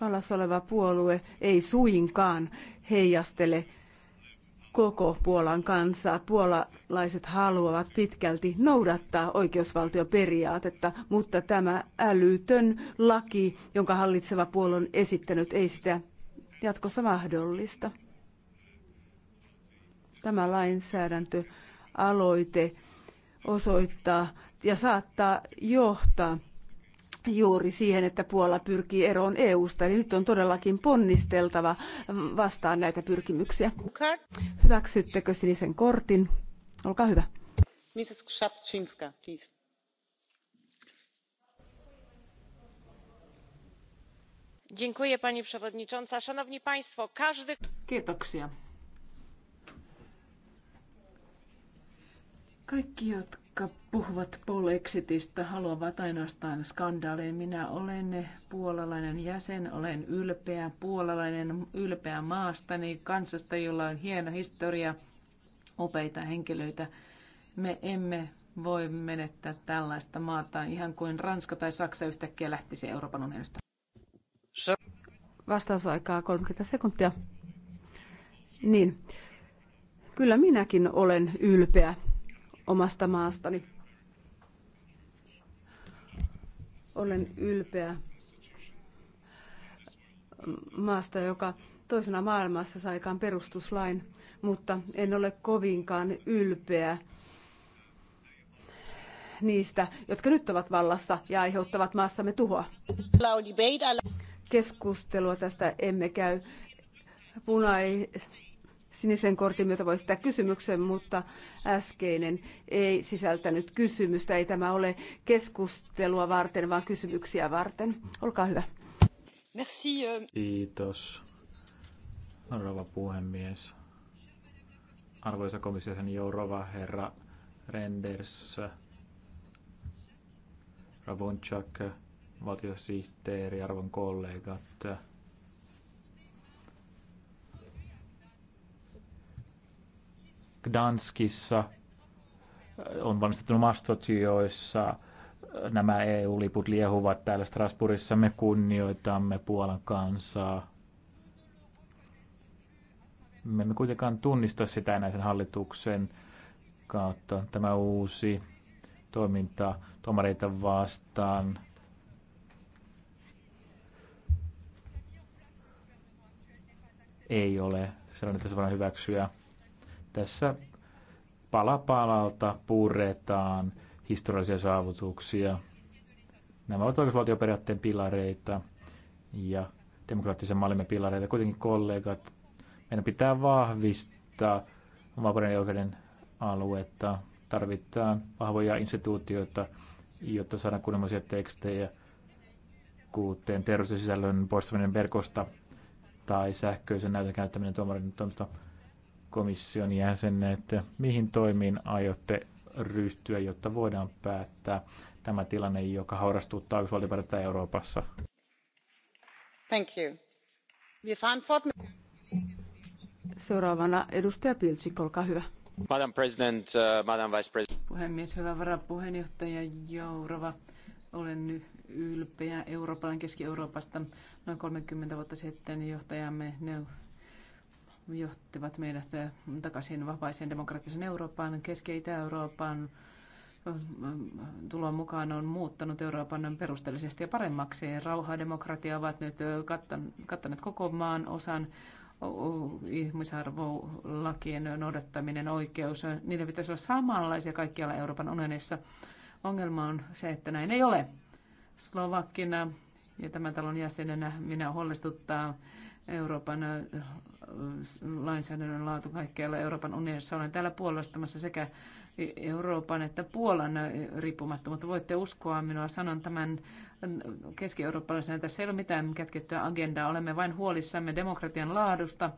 [SPEAKER 2] Vallassa oleva puolue ei suinkaan heijastele koko Puolan kansaa. Puolalaiset haluavat pitkälti noudattaa oikeusvaltioperiaatetta, mutta tämä älytön laki, jonka hallitseva puolue on esittänyt, ei sitä jatkossa mahdollista. Tämä lainsäädäntöaloite osoittaa ja saattaa johtaa juuri siihen, että Puola pyrkii eroon EU-sta. Eli nyt on todellakin ponnisteltava vastaan näitä pyrkimyksiä. Hyväksyttekö sinisen kortin? Olkaa hyvä.
[SPEAKER 4] Mrs. Szapczynska, please. pani przewodnicząca! każdy.
[SPEAKER 1] kiitoksia. Kaikki, jotka puhuvat Polexitistä, haluavat ainoastaan skandaalin. Minä olen puolalainen jäsen, olen ylpeä puolalainen, ylpeä maastani, kansasta, jolla on hieno historia, upeita henkilöitä. Me emme voi menettää tällaista maata, ihan kuin Ranska tai Saksa yhtäkkiä lähtisi Euroopan unionista.
[SPEAKER 2] Vastausaikaa 30 sekuntia. Niin, kyllä minäkin olen ylpeä omasta maastani. Olen ylpeä maasta, joka toisena maailmassa saikaan perustuslain, mutta en ole kovinkaan ylpeä niistä, jotka nyt ovat vallassa ja aiheuttavat maassamme tuhoa keskustelua tästä emme käy. punaisen sinisen kortin myötä voi sitä kysymyksen, mutta äskeinen ei sisältänyt kysymystä. Ei tämä ole keskustelua varten, vaan kysymyksiä varten. Olkaa hyvä. Merci.
[SPEAKER 3] Kiitos, rouva puhemies. Arvoisa komission Jourova, herra Renders, Ravonchak, valtiosihteeri, arvon kollegat. Gdanskissa on valmistettu mastot, joissa nämä EU-liput liehuvat täällä Strasbourgissa. Me kunnioitamme Puolan kansaa. Me emme kuitenkaan tunnista sitä enää sen hallituksen kautta. Tämä uusi toiminta tuomareita vastaan – ei ole sellainen, että se voidaan hyväksyä. Tässä pala palalta puretaan historiallisia saavutuksia. Nämä ovat oikeusvaltioperiaatteen pilareita ja demokraattisen mallimme pilareita. Kuitenkin kollegat, meidän pitää vahvistaa vapauden ja oikeuden aluetta. Tarvitaan vahvoja instituutioita, jotta saadaan kunnollisia tekstejä, kuten sisällön poistaminen verkosta – tai sähköisen näytön käyttäminen tuomarin toimisto komission että Mihin toimiin aiotte ryhtyä, jotta voidaan päättää tämä tilanne, joka haurastuttaa yksivaltiopäätettä Euroopassa?
[SPEAKER 2] Thank you. Seuraavana edustaja Pilsik, olkaa hyvä.
[SPEAKER 4] Madam President, uh, Madam Vice President.
[SPEAKER 1] Puhemies, hyvä varapuheenjohtaja Jourova olen nyt ylpeä Euroopan Keski-Euroopasta. Noin 30 vuotta sitten johtajamme ne johtivat meidät takaisin vapaiseen demokraattisen Euroopan, Keski- Itä-Euroopan eh, tulon mukaan on muuttanut Euroopan perusteellisesti ja paremmaksi. Rauha ja demokratia ovat nyt eh, kattaneet koko maan osan ihmisarvolakien noudattaminen, oikeus, niiden pitäisi olla samanlaisia kaikkialla Euroopan unionissa. Ongelma on se, että näin ei ole. Slovakkina ja tämän talon jäsenenä minä huolestuttaa Euroopan äh, lainsäädännön laatu kaikkialla Euroopan unionissa. Olen täällä puolustamassa sekä Euroopan että Puolan riippumattomuutta. Voitte uskoa minua, sanon tämän keski että Tässä ei ole mitään kätkettyä agendaa. Olemme vain huolissamme demokratian laadusta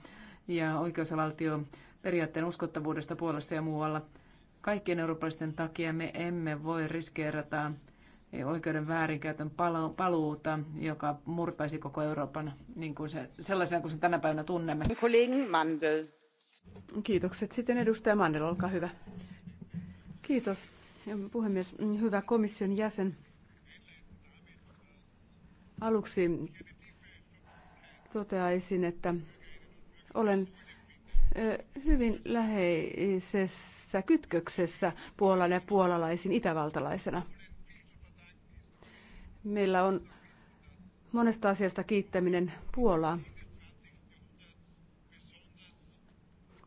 [SPEAKER 1] ja oikeusvaltio periaatteen uskottavuudesta Puolassa ja muualla kaikkien eurooppalaisten takia me emme voi riskeerata oikeuden väärinkäytön paluuta, joka murtaisi koko Euroopan niin kuin se, sellaisena kuin se tänä päivänä tunnemme. Mandel.
[SPEAKER 2] Kiitokset. Sitten edustaja Mandel, olkaa hyvä. Kiitos puhemies. Hyvä komission jäsen. Aluksi toteaisin, että olen hyvin läheisessä kytköksessä Puolan ja puolalaisiin itävaltalaisena. Meillä on monesta asiasta kiittäminen Puolaa.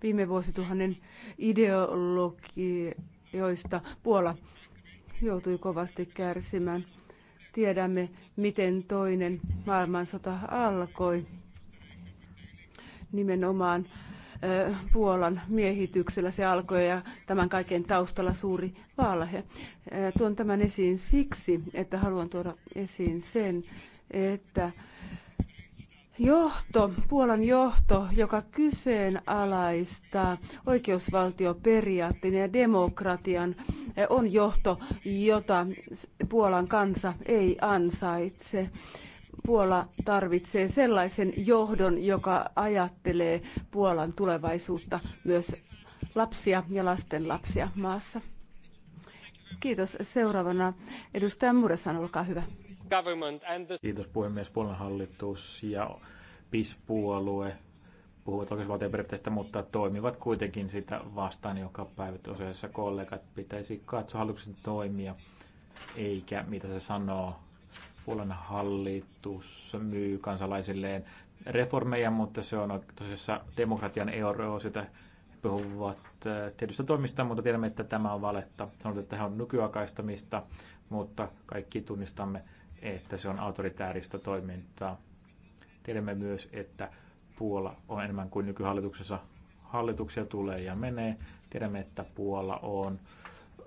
[SPEAKER 2] Viime vuosituhannen ideologioista Puola joutui kovasti kärsimään. Tiedämme, miten toinen maailmansota alkoi. Nimenomaan Puolan miehityksellä se alkoi ja tämän kaiken taustalla suuri valhe. Tuon tämän esiin siksi, että haluan tuoda esiin sen, että johto, Puolan johto, joka kyseenalaistaa oikeusvaltioperiaatteen ja demokratian, on johto, jota Puolan kansa ei ansaitse. Puola tarvitsee sellaisen johdon, joka ajattelee Puolan tulevaisuutta myös lapsia ja lasten lapsia maassa. Kiitos. Seuraavana edustaja Muresan, olkaa hyvä.
[SPEAKER 3] Kiitos puhemies. Puolan hallitus ja PIS-puolue puhuvat oikeusvaltioperiaatteesta, mutta toimivat kuitenkin sitä vastaan joka päivä. Tosiasiassa kollegat pitäisi katsoa hallituksen toimia, eikä mitä se sanoo Puolen hallitus myy kansalaisilleen reformeja, mutta se on tosiaan demokratian euroa, sitä puhuvat eh, tietystä toimista, mutta tiedämme, että tämä on valetta. Sanotaan, että tämä on nykyaikaistamista, mutta kaikki tunnistamme, että se on autoritääristä toimintaa. Tiedämme myös, että Puola on enemmän kuin nykyhallituksessa hallituksia tulee ja menee. Tiedämme, että Puola on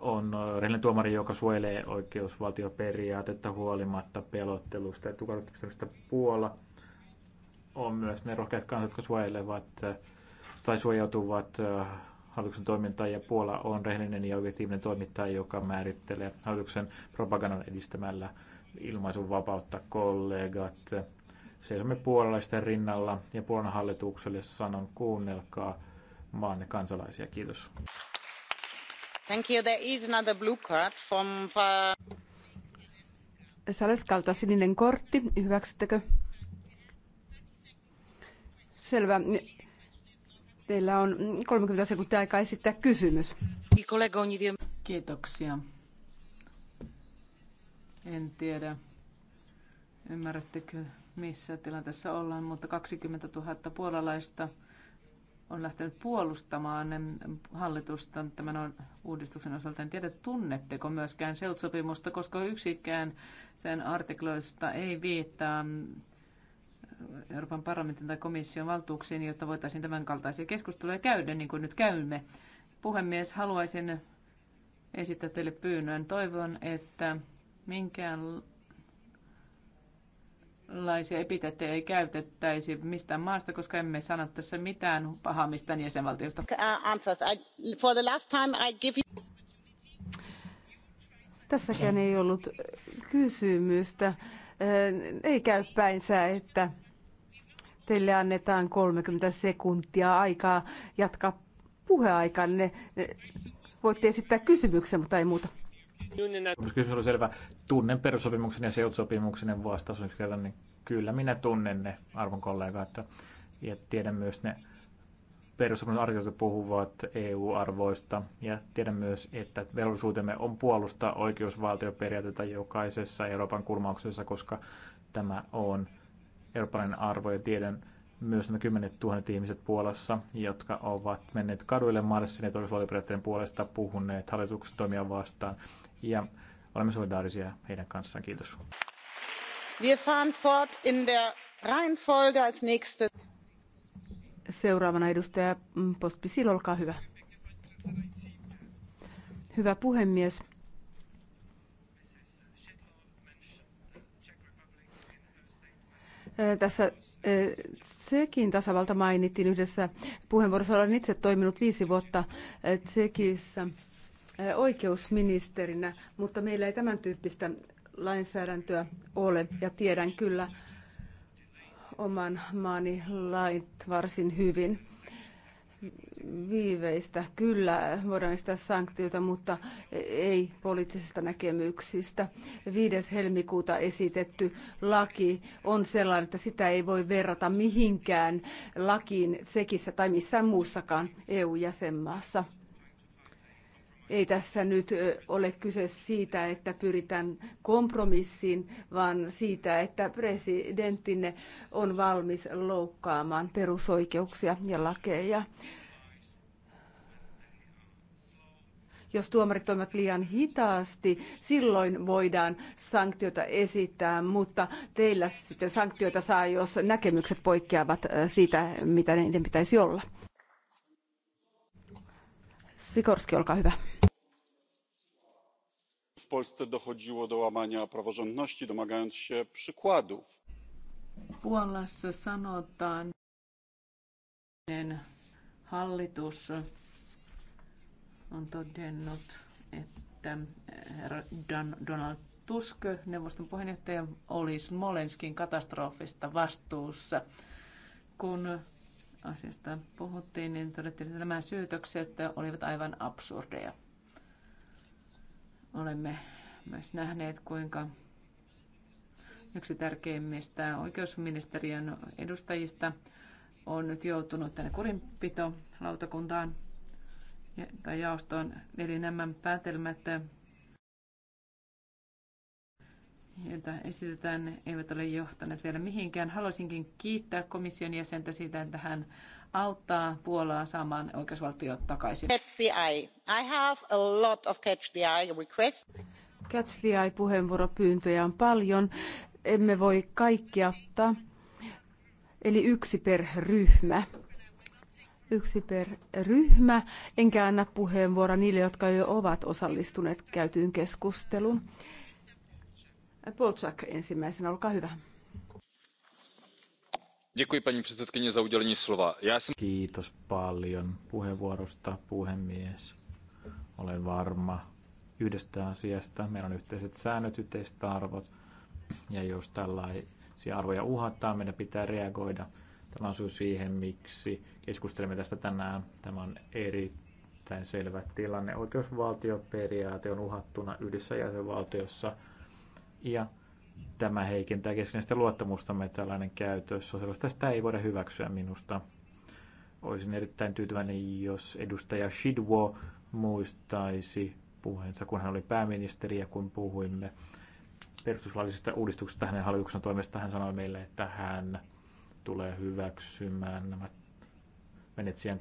[SPEAKER 3] on äh, rehellinen tuomari, joka suojelee oikeusvaltioperiaatetta huolimatta pelottelusta ja tukahduttamisesta Puola on myös ne rohkeat kansat, jotka suojelevat äh, tai suojautuvat äh, hallituksen toimintaan ja Puola on rehellinen ja objektiivinen toimittaja, joka määrittelee hallituksen propagandan edistämällä ilmaisun vapautta kollegat. Seisomme puolalaisten rinnalla ja Puolan hallitukselle sanon kuunnelkaa maanne kansalaisia. Kiitos.
[SPEAKER 2] Saleskalta sininen kortti, hyväksyttekö? Selvä. Teillä on 30 sekuntia aikaa esittää kysymys.
[SPEAKER 1] Kiitoksia. En tiedä, ymmärrättekö missä tilanteessa ollaan, mutta 20 000 puolalaista on lähtenyt puolustamaan hallitusta tämän uudistuksen osalta. En tiedä, tunnetteko myöskään seutsopimusta, koska yksikään sen artikloista ei viittaa Euroopan parlamentin tai komission valtuuksiin, jotta voitaisiin tämän kaltaisia keskusteluja käydä, niin kuin nyt käymme. Puhemies, haluaisin esittää teille pyynnön. Toivon, että minkään minkälaisia epitettejä ei käytettäisi mistään maasta, koska emme sano tässä mitään pahaa mistään jäsenvaltiosta.
[SPEAKER 2] Tässäkään ei ollut kysymystä. Ei käy päinsä, että teille annetaan 30 sekuntia aikaa jatkaa puheaikanne. Voitte esittää kysymyksen, mutta ei muuta.
[SPEAKER 3] Kysymys on selvä. Tunnen perussopimuksen ja seutsopimuksen vastaus yksi kerran, niin kyllä minä tunnen ne arvon että, ja tiedän myös ne perussopimuksen artiklat puhuvat EU-arvoista ja tiedän myös, että velvollisuutemme on puolustaa oikeusvaltioperiaatetta jokaisessa Euroopan kulmauksessa, koska tämä on eurooppalainen arvo ja tiedän myös nämä kymmenet tuhannet ihmiset Puolassa, jotka ovat menneet kaduille marssineet oikeusvaltioperiaatteiden puolesta, puhuneet hallituksen toimia vastaan, ja olemme solidaarisia heidän kanssaan. Kiitos.
[SPEAKER 4] Wir fahren fort in der Reihenfolge als nächstes.
[SPEAKER 2] Seuraavana edustaja Pospisil, olkaa hyvä. Hyvä puhemies. Tässä Tsekin tasavalta mainittiin yhdessä puheenvuorossa. Olen itse toiminut viisi vuotta Tsekissä oikeusministerinä, mutta meillä ei tämän tyyppistä lainsäädäntöä ole ja tiedän kyllä oman maani lait varsin hyvin. Viiveistä kyllä voidaan estää sanktioita, mutta ei poliittisista näkemyksistä. 5. helmikuuta esitetty laki on sellainen, että sitä ei voi verrata mihinkään lakiin Tsekissä tai missään muussakaan EU-jäsenmaassa ei tässä nyt ole kyse siitä, että pyritään kompromissiin, vaan siitä, että presidenttinne on valmis loukkaamaan perusoikeuksia ja lakeja. jos tuomarit toimivat liian hitaasti, silloin voidaan sanktiota esittää, mutta teillä sitten sanktioita saa, jos näkemykset poikkeavat siitä, mitä niiden pitäisi olla. Sikorski, olkaa hyvä.
[SPEAKER 3] W Polsce dochodziło do łamania praworządności, domagając się przykładów.
[SPEAKER 1] Puolassa sanotaan, hallitus on todennut, että Donald Tusk, neuvoston puheenjohtaja, olisi Molenskin katastrofista vastuussa, kun asiasta puhuttiin, niin todettiin, että nämä syytökset olivat aivan absurdeja. Olemme myös nähneet, kuinka yksi tärkeimmistä oikeusministeriön edustajista on nyt joutunut tänne kurinpito lautakuntaan tai jaostoon. Eli nämä päätelmät joita esitetään, eivät ole johtaneet vielä mihinkään. Haluaisinkin kiittää komission jäsentä siitä, että hän auttaa Puolaa saamaan oikeusvaltio takaisin. Catch the
[SPEAKER 4] eye. I have a lot of catch the eye requests.
[SPEAKER 2] Catch the eye puheenvuoropyyntöjä on paljon. Emme voi kaikkia ottaa. Eli yksi per ryhmä yksi per ryhmä, enkä anna puheenvuoroa niille, jotka jo ovat osallistuneet käytyyn keskusteluun. Polczak ensimmäisenä, olkaa hyvä.
[SPEAKER 3] paní předsedkyně za udělení slova. Já jsem... Kiitos paljon puheenvuorosta, puhemies. Olen varma yhdestä asiasta. Meillä on yhteiset säännöt, yhteiset arvot. Ja jos tällaisia arvoja uhataan, meidän pitää reagoida. Tämä on syy siihen, miksi keskustelemme tästä tänään. Tämä on erittäin selvä tilanne. Oikeusvaltioperiaate on uhattuna yhdessä jäsenvaltiossa – ja tämä heikentää keskinäistä luottamustamme tällainen käytös. Sosiaalista tästä ei voida hyväksyä minusta. Olisin erittäin tyytyväinen, jos edustaja Shidwo muistaisi puheensa, kun hän oli pääministeri ja kun puhuimme perustuslaillisesta uudistuksesta hänen hallituksen toimesta. Hän sanoi meille, että hän tulee hyväksymään nämä Venetsian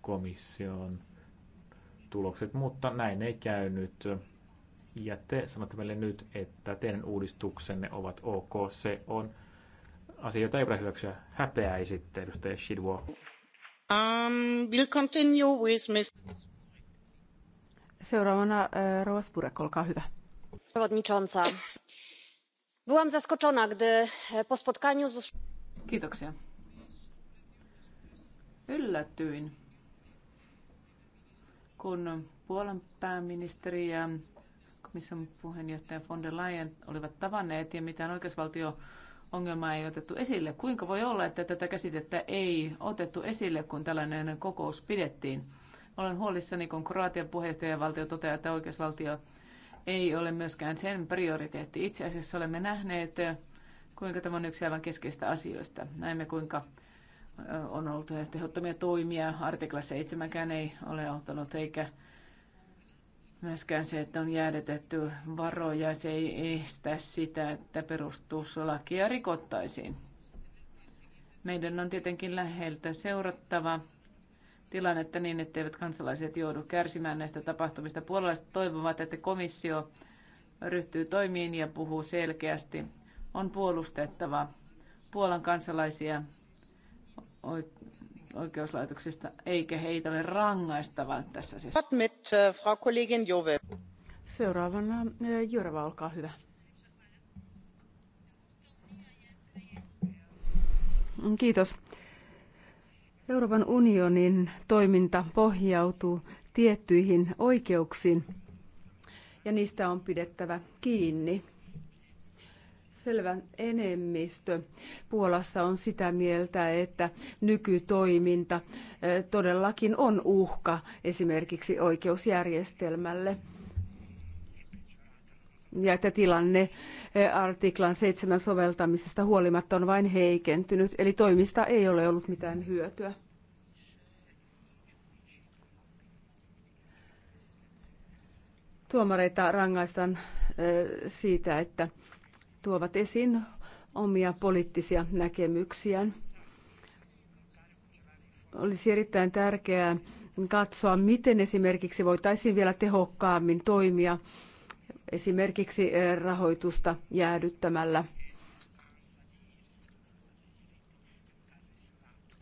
[SPEAKER 3] komission tulokset, mutta näin ei käynyt. Ja te sanotte meille nyt, että teidän uudistuksenne ovat ok. Se on asia, jota ei voida hyväksyä. sitten, edustaja Shidwo.
[SPEAKER 4] Um, we'll continue with Ms.
[SPEAKER 2] Seuraavana uh, äh, Rovas Burek, olkaa hyvä.
[SPEAKER 4] Przewodnicząca. Byłam zaskoczona, gdy e, po spotkaniu z...
[SPEAKER 2] Kiitoksia.
[SPEAKER 1] Yllätyin, kun Puolan pääministeri ja missä puheenjohtaja von der Leyen olivat tavanneet ja mitään oikeusvaltio ongelmaa ei otettu esille. Kuinka voi olla, että tätä käsitettä ei otettu esille, kun tällainen kokous pidettiin? Olen huolissani, kun Kroatian puheenjohtajavaltio toteaa, että oikeusvaltio ei ole myöskään sen prioriteetti. Itse asiassa olemme nähneet, kuinka tämä on yksi aivan keskeistä asioista. Näemme, kuinka on ollut tehottomia toimia. Artikla 7 ei ole ottanut eikä Myöskään se, että on jäädetetty varoja, se ei estä sitä, että perustuslakia rikottaisiin. Meidän on tietenkin läheltä seurattava tilannetta niin, etteivät kansalaiset joudu kärsimään näistä tapahtumista. Puolalaiset toivovat, että komissio ryhtyy toimiin ja puhuu selkeästi. On puolustettava Puolan kansalaisia oikeuslaitoksista, eikä heitä ole rangaistava tässä siis. Frau Kollegin Jove.
[SPEAKER 2] Seuraavana äh, Jureva, olkaa hyvä. Kiitos. Euroopan unionin toiminta pohjautuu tiettyihin oikeuksiin ja niistä on pidettävä kiinni. Selvä enemmistö Puolassa on sitä mieltä, että nykytoiminta eh, todellakin on uhka esimerkiksi oikeusjärjestelmälle ja että tilanne eh, artiklan 7 soveltamisesta huolimatta on vain heikentynyt, eli toimista ei ole ollut mitään hyötyä. Tuomareita rangaistaan eh, siitä, että tuovat esiin omia poliittisia näkemyksiään. Olisi erittäin tärkeää katsoa, miten esimerkiksi voitaisiin vielä tehokkaammin toimia esimerkiksi eh, rahoitusta jäädyttämällä.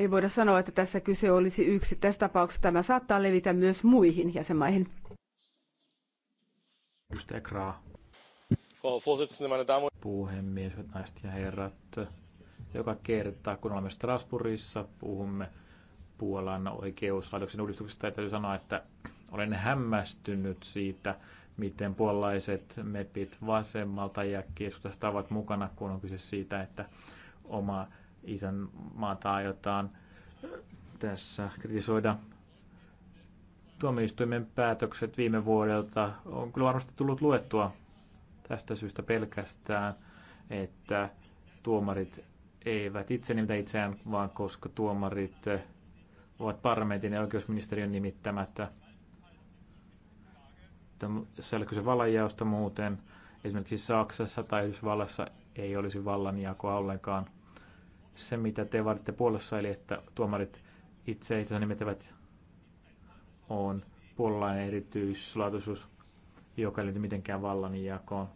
[SPEAKER 2] Ei voida sanoa, että tässä kyse olisi Tässä tapauksessa Tämä saattaa levitä myös muihin jäsenmaihin.
[SPEAKER 3] Edustaja Frau Vorsitzende, meine Damen puhemies, naiset ja herrat. Joka kerta, kun olemme Strasbourgissa, puhumme Puolan oikeuslaitoksen uudistuksesta. Ja täytyy sanoa, että olen hämmästynyt siitä, miten puolalaiset mepit vasemmalta ja keskustasta ovat mukana, kun on kyse siitä, että oma isän maata aiotaan tässä kritisoida. Tuomioistuimen päätökset viime vuodelta on kyllä varmasti tullut luettua tästä syystä pelkästään, että tuomarit eivät itse nimitä itseään, vaan koska tuomarit ovat parlamentin ja oikeusministeriön nimittämättä. Tässä kyse vallanjaosta muuten. Esimerkiksi Saksassa tai Yhdysvallassa ei olisi vallanjakoa ollenkaan. Se, mitä te vaaditte puolessa, eli että tuomarit itse itse nimetävät, on puolalainen erityislaatuisuus, joka ei liity mitenkään vallanjakoon.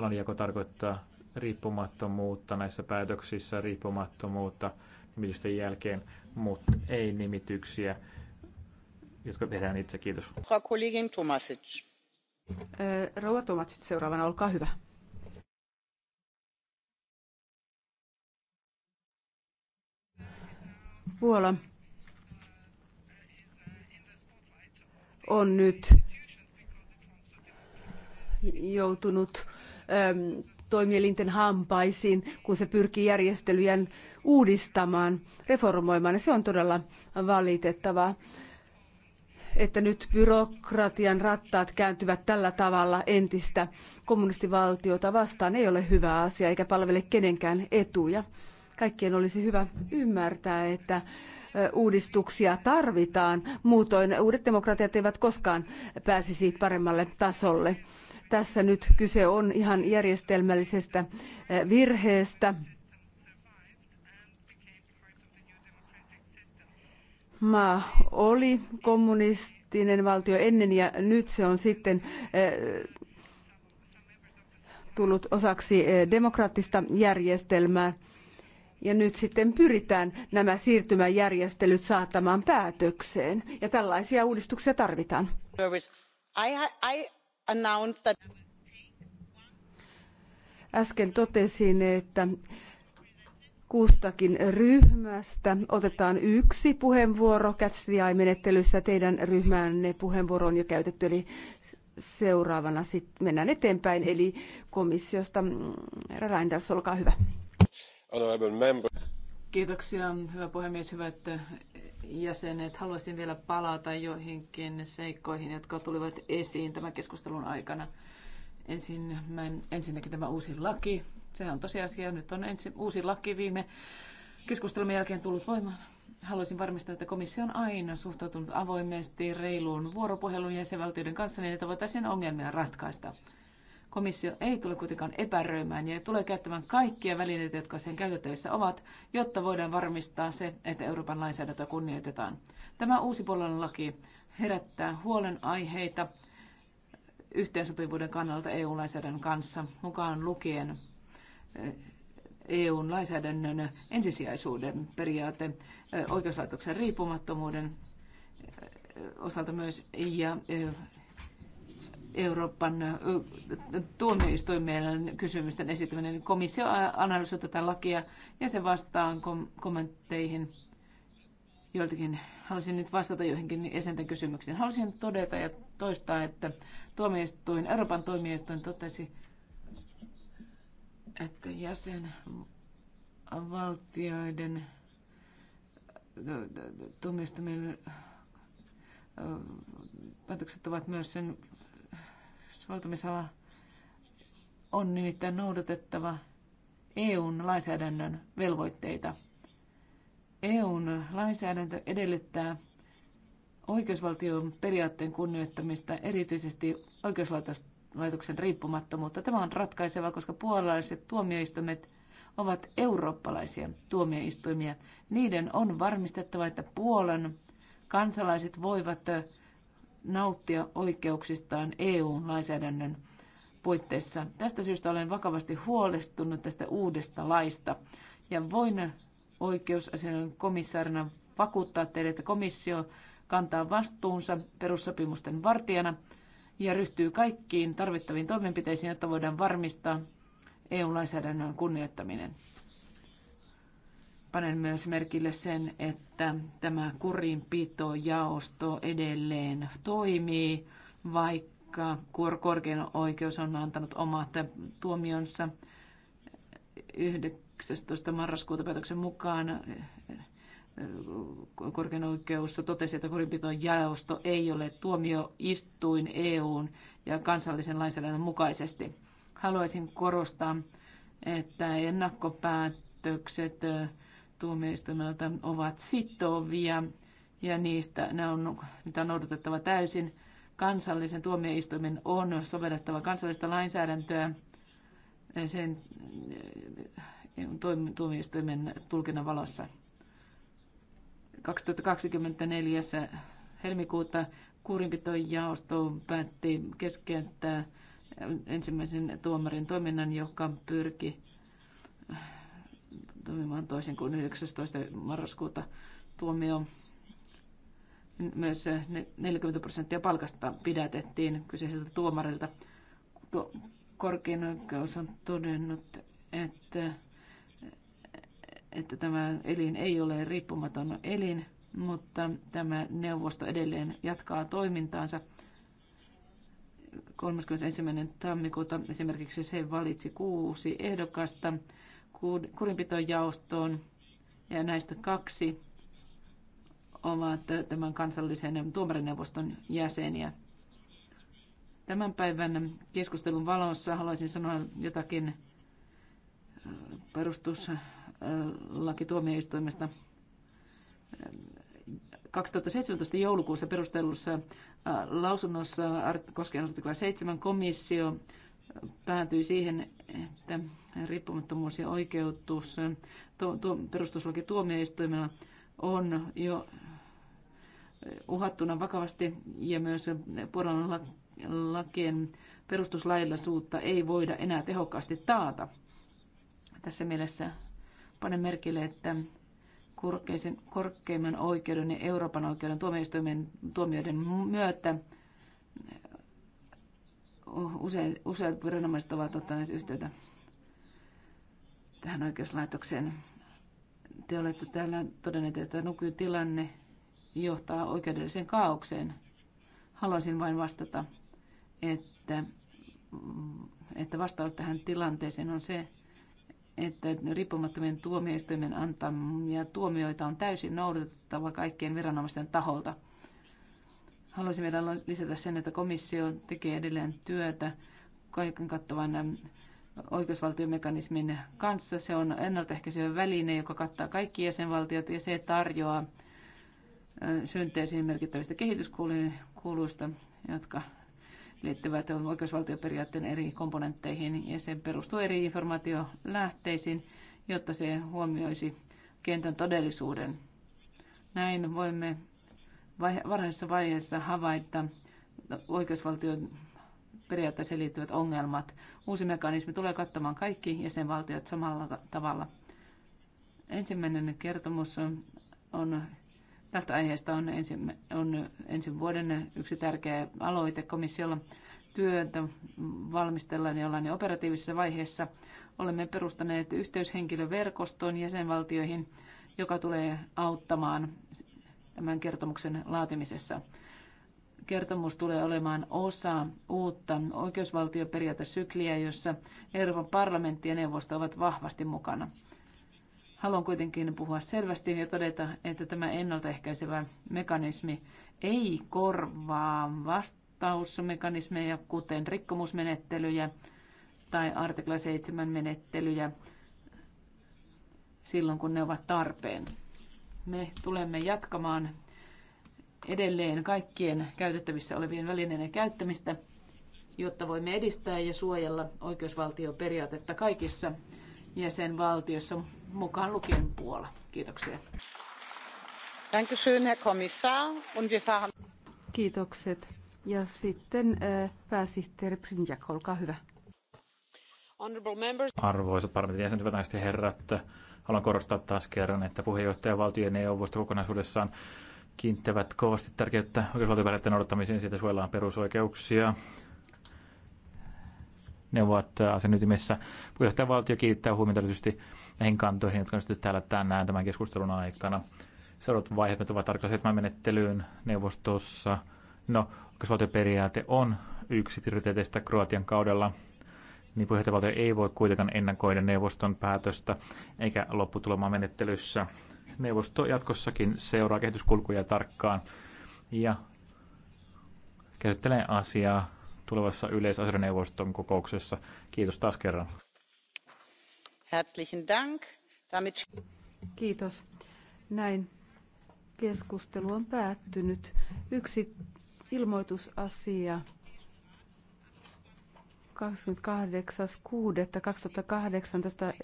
[SPEAKER 3] Alanjako tarkoittaa riippumattomuutta näissä päätöksissä, riippumattomuutta nimitysten jälkeen, mutta ei nimityksiä, jotka tehdään itse. Kiitos.
[SPEAKER 2] Rouva Tomasic seuraavana, olkaa hyvä. Puola on nyt joutunut Ähm, toimielinten hampaisiin, kun se pyrkii järjestelyjen uudistamaan, reformoimaan. Ja se on todella valitettavaa, että nyt byrokratian rattaat kääntyvät tällä tavalla entistä kommunistivaltiota vastaan. Ei ole hyvä asia eikä palvele kenenkään etuja. Kaikkien olisi hyvä ymmärtää, että uudistuksia tarvitaan. Muutoin uudet demokratiat eivät koskaan pääsisi paremmalle tasolle. Tässä nyt kyse on ihan järjestelmällisestä eh, virheestä. Maa oli kommunistinen valtio ennen ja nyt se on sitten eh, tullut osaksi eh, demokraattista järjestelmää. Ja nyt sitten pyritään nämä siirtymäjärjestelyt saattamaan päätökseen. Ja tällaisia uudistuksia tarvitaan. I, I, announced that Äsken totesin, että kustakin ryhmästä otetaan yksi puheenvuoro menettelyssä Teidän ryhmänne puheenvuoro on jo käytetty, eli seuraavana sitten mennään eteenpäin. Eli komissiosta, mm, Reinders, olkaa hyvä.
[SPEAKER 1] Kiitoksia, hyvä puhemies, hyvät jäsenet, haluaisin vielä palata joihinkin seikkoihin, jotka tulivat esiin tämän keskustelun aikana. Ensin, mä, ensinnäkin tämä uusi laki. Sehän on tosiasia. Nyt on ensi, uusi laki viime keskustelun jälkeen tullut voimaan. Haluaisin varmistaa, että komissio on aina suhtautunut avoimesti reiluun vuoropuheluun jäsenvaltioiden kanssa niin, että voitaisiin ongelmia ratkaista. Komissio ei tule kuitenkaan epäröimään ja tulee käyttämään kaikkia välineitä, jotka sen käytettävissä ovat, jotta voidaan varmistaa se, että Euroopan lainsäädäntöä kunnioitetaan. Tämä uusi puolueen laki herättää huolenaiheita yhteensopivuuden kannalta EU-lainsäädännön kanssa, mukaan lukien eu eh, e lainsäädännön ensisijaisuuden periaate, eh, oikeuslaitoksen riippumattomuuden eh, osalta myös ja Euroopan tuomioistuimeen kysymysten esittäminen. Komissio analysoi tätä lakia ja se vastaa kom- kommentteihin joiltakin. Haluaisin nyt vastata joihinkin jäsenten kysymyksiin. Haluaisin todeta ja toistaa, että tuomioistuin, Euroopan tuomioistuin totesi, että jäsenvaltioiden tuomioistuimen päätökset ovat myös sen soveltamisala on nimittäin noudatettava EUn lainsäädännön velvoitteita. EUn lainsäädäntö edellyttää oikeusvaltion periaatteen kunnioittamista, erityisesti oikeuslaitoksen riippumattomuutta. Tämä on ratkaiseva, koska puolalaiset tuomioistuimet ovat eurooppalaisia tuomioistuimia. Niiden on varmistettava, että Puolan kansalaiset voivat nauttia oikeuksistaan EU-lainsäädännön puitteissa. Tästä syystä olen vakavasti huolestunut tästä uudesta laista ja voin oikeusasian komissaarina vakuuttaa teille, että komissio kantaa vastuunsa perussopimusten vartijana ja ryhtyy kaikkiin tarvittaviin toimenpiteisiin, jotta voidaan varmistaa EU-lainsäädännön kunnioittaminen. Panen myös merkille sen, että tämä kurinpitojaosto edelleen toimii, vaikka korkein oikeus on antanut omat tuomionsa 19. marraskuuta päätöksen mukaan eh, eh, korkein oikeus totesi, että kurinpiton jaosto ei ole tuomioistuin EUn ja kansallisen lainsäädännön mukaisesti. Haluaisin korostaa, että ennakkopäätökset eh, tuomioistuimelta ovat sitovia ja niistä ne on, niitä on odotettava täysin. Kansallisen tuomioistuimen on sovellettava kansallista lainsäädäntöä sen eh, tuomioistuimen tulkinnan valossa. 2024. helmikuuta kurinpitojaosto päätti keskeyttää ensimmäisen tuomarin toiminnan, joka pyrki toimimaan toisin kuin 19. marraskuuta tuomio. Myös 40 eh, prosenttia palkasta pidätettiin kyseiseltä tuomarilta. korkein oikeus on todennut, että, että tämä elin ei ole riippumaton elin, mutta tämä neuvosto edelleen jatkaa toimintaansa. 31. tammikuuta esimerkiksi se valitsi kuusi ehdokasta kurinpitojaostoon ja näistä kaksi ovat tämän kansallisen tuomarineuvoston jäseniä. Tämän päivän keskustelun valossa haluaisin sanoa jotakin äh, perustuslakituomioistuimesta. 2017 äh, joulukuussa perustellussa äh, lausunnossa koskien artikla 7 komissio päätyi siihen, että riippumattomuus ja oikeutus tuo, tuo perustuslakituomioistuimella on jo uhattuna vakavasti ja myös Puolan lakien perustuslaillisuutta ei voida enää tehokkaasti taata. Tässä mielessä panen merkille, että korkeimman oikeuden ja Euroopan oikeuden tuomioistuimen tuomioiden myötä usein, useat viranomaiset ovat ottaneet yhteyttä tähän oikeuslaitokseen. Te olette täällä todenneet, että nykytilanne johtaa oikeudelliseen kaaukseen. Haluaisin vain vastata, että, että vastaus tähän tilanteeseen on se, että riippumattomien tuomioistuimen antamia tuomioita on täysin noudatettava kaikkien viranomaisten taholta – Haluaisin vielä lisätä sen, että komissio tekee edelleen työtä kaiken kattavan ähm, oikeusvaltiomekanismin kanssa. Se on ennaltaehkäisevä väline, joka kattaa kaikki jäsenvaltiot ja se tarjoaa äh, synteisiin merkittävistä kehityskuluista, jotka liittyvät oikeusvaltioperiaatteen eri komponentteihin ja se perustuu eri informaatiolähteisiin, jotta se huomioisi kentän todellisuuden. Näin voimme vaihe, varhaisessa vaiheessa havaita oikeusvaltion periaatteeseen liittyvät ongelmat. Uusi mekanismi tulee kattamaan kaikki jäsenvaltiot samalla tavalla. Ensimmäinen kertomus on, on tältä aiheesta on ensi, on ensi vuoden yksi tärkeä aloite komissiolla työtä valmistellaan jollain operatiivisessa vaiheessa. Olemme perustaneet yhteyshenkilöverkoston jäsenvaltioihin, joka tulee auttamaan tämän kertomuksen laatimisessa. Kertomus tulee olemaan osa uutta oikeusvaltioperiaatesykliä, jossa Euroopan parlamentti ja neuvosto ovat vahvasti mukana. Haluan kuitenkin puhua selvästi ja todeta, että tämä ennaltaehkäisevä mekanismi ei korvaa vastausmekanismeja, kuten rikkomusmenettelyjä tai artikla 7 menettelyjä silloin, kun ne ovat tarpeen. Me tulemme jatkamaan edelleen kaikkien käytettävissä olevien välineiden käyttämistä, jotta voimme edistää ja suojella oikeusvaltioperiaatetta kaikissa jäsenvaltioissa mukaan lukien Puola. Kiitoksia. Dankeschön, Herr Kommissar. Und wir fahren...
[SPEAKER 2] Kiitokset. Ja sitten äh, pääsihteeri Prinjak, olkaa hyvä.
[SPEAKER 3] Arvoisat parlamentin jäsenet, hyvät naiset ja herrat, Haluan korostaa taas kerran, että valtion ja neuvosto kokonaisuudessaan kiinnittävät kovasti tärkeyttä oikeusvaltioperiaatteen odottamiseen, siitä suojellaan perusoikeuksia. Ne ovat äh, asian ytimessä. valtio kiinnittää huomiota tietysti näihin kantoihin, jotka on täällä tänään tämän keskustelun aikana. Seuraavat vaiheet nyt ovat tarkalleen menettelyyn neuvostossa. No, oikeusvaltioperiaate on yksi prioriteeteista Kroatian kaudella niin puheenjohtajavaltio ei voi kuitenkaan ennakoida neuvoston päätöstä eikä lopputulemaa menettelyssä. Neuvosto jatkossakin seuraa kehityskulkuja tarkkaan ja käsittelee asiaa tulevassa yleisasioiden kokouksessa. Kiitos taas kerran.
[SPEAKER 4] Herzlichen Dank. Damit...
[SPEAKER 2] Kiitos. Näin keskustelu on päättynyt. Yksi ilmoitusasia. 28.6.2018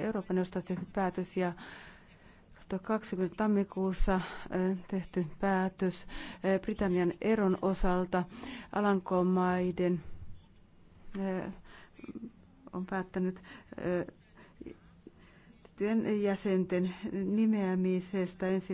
[SPEAKER 2] Euroopan neuvostossa tehty päätös ja 20. tammikuussa tehty päätös Britannian eron osalta Alankomaiden on päättänyt jäsenten nimeämisestä ensi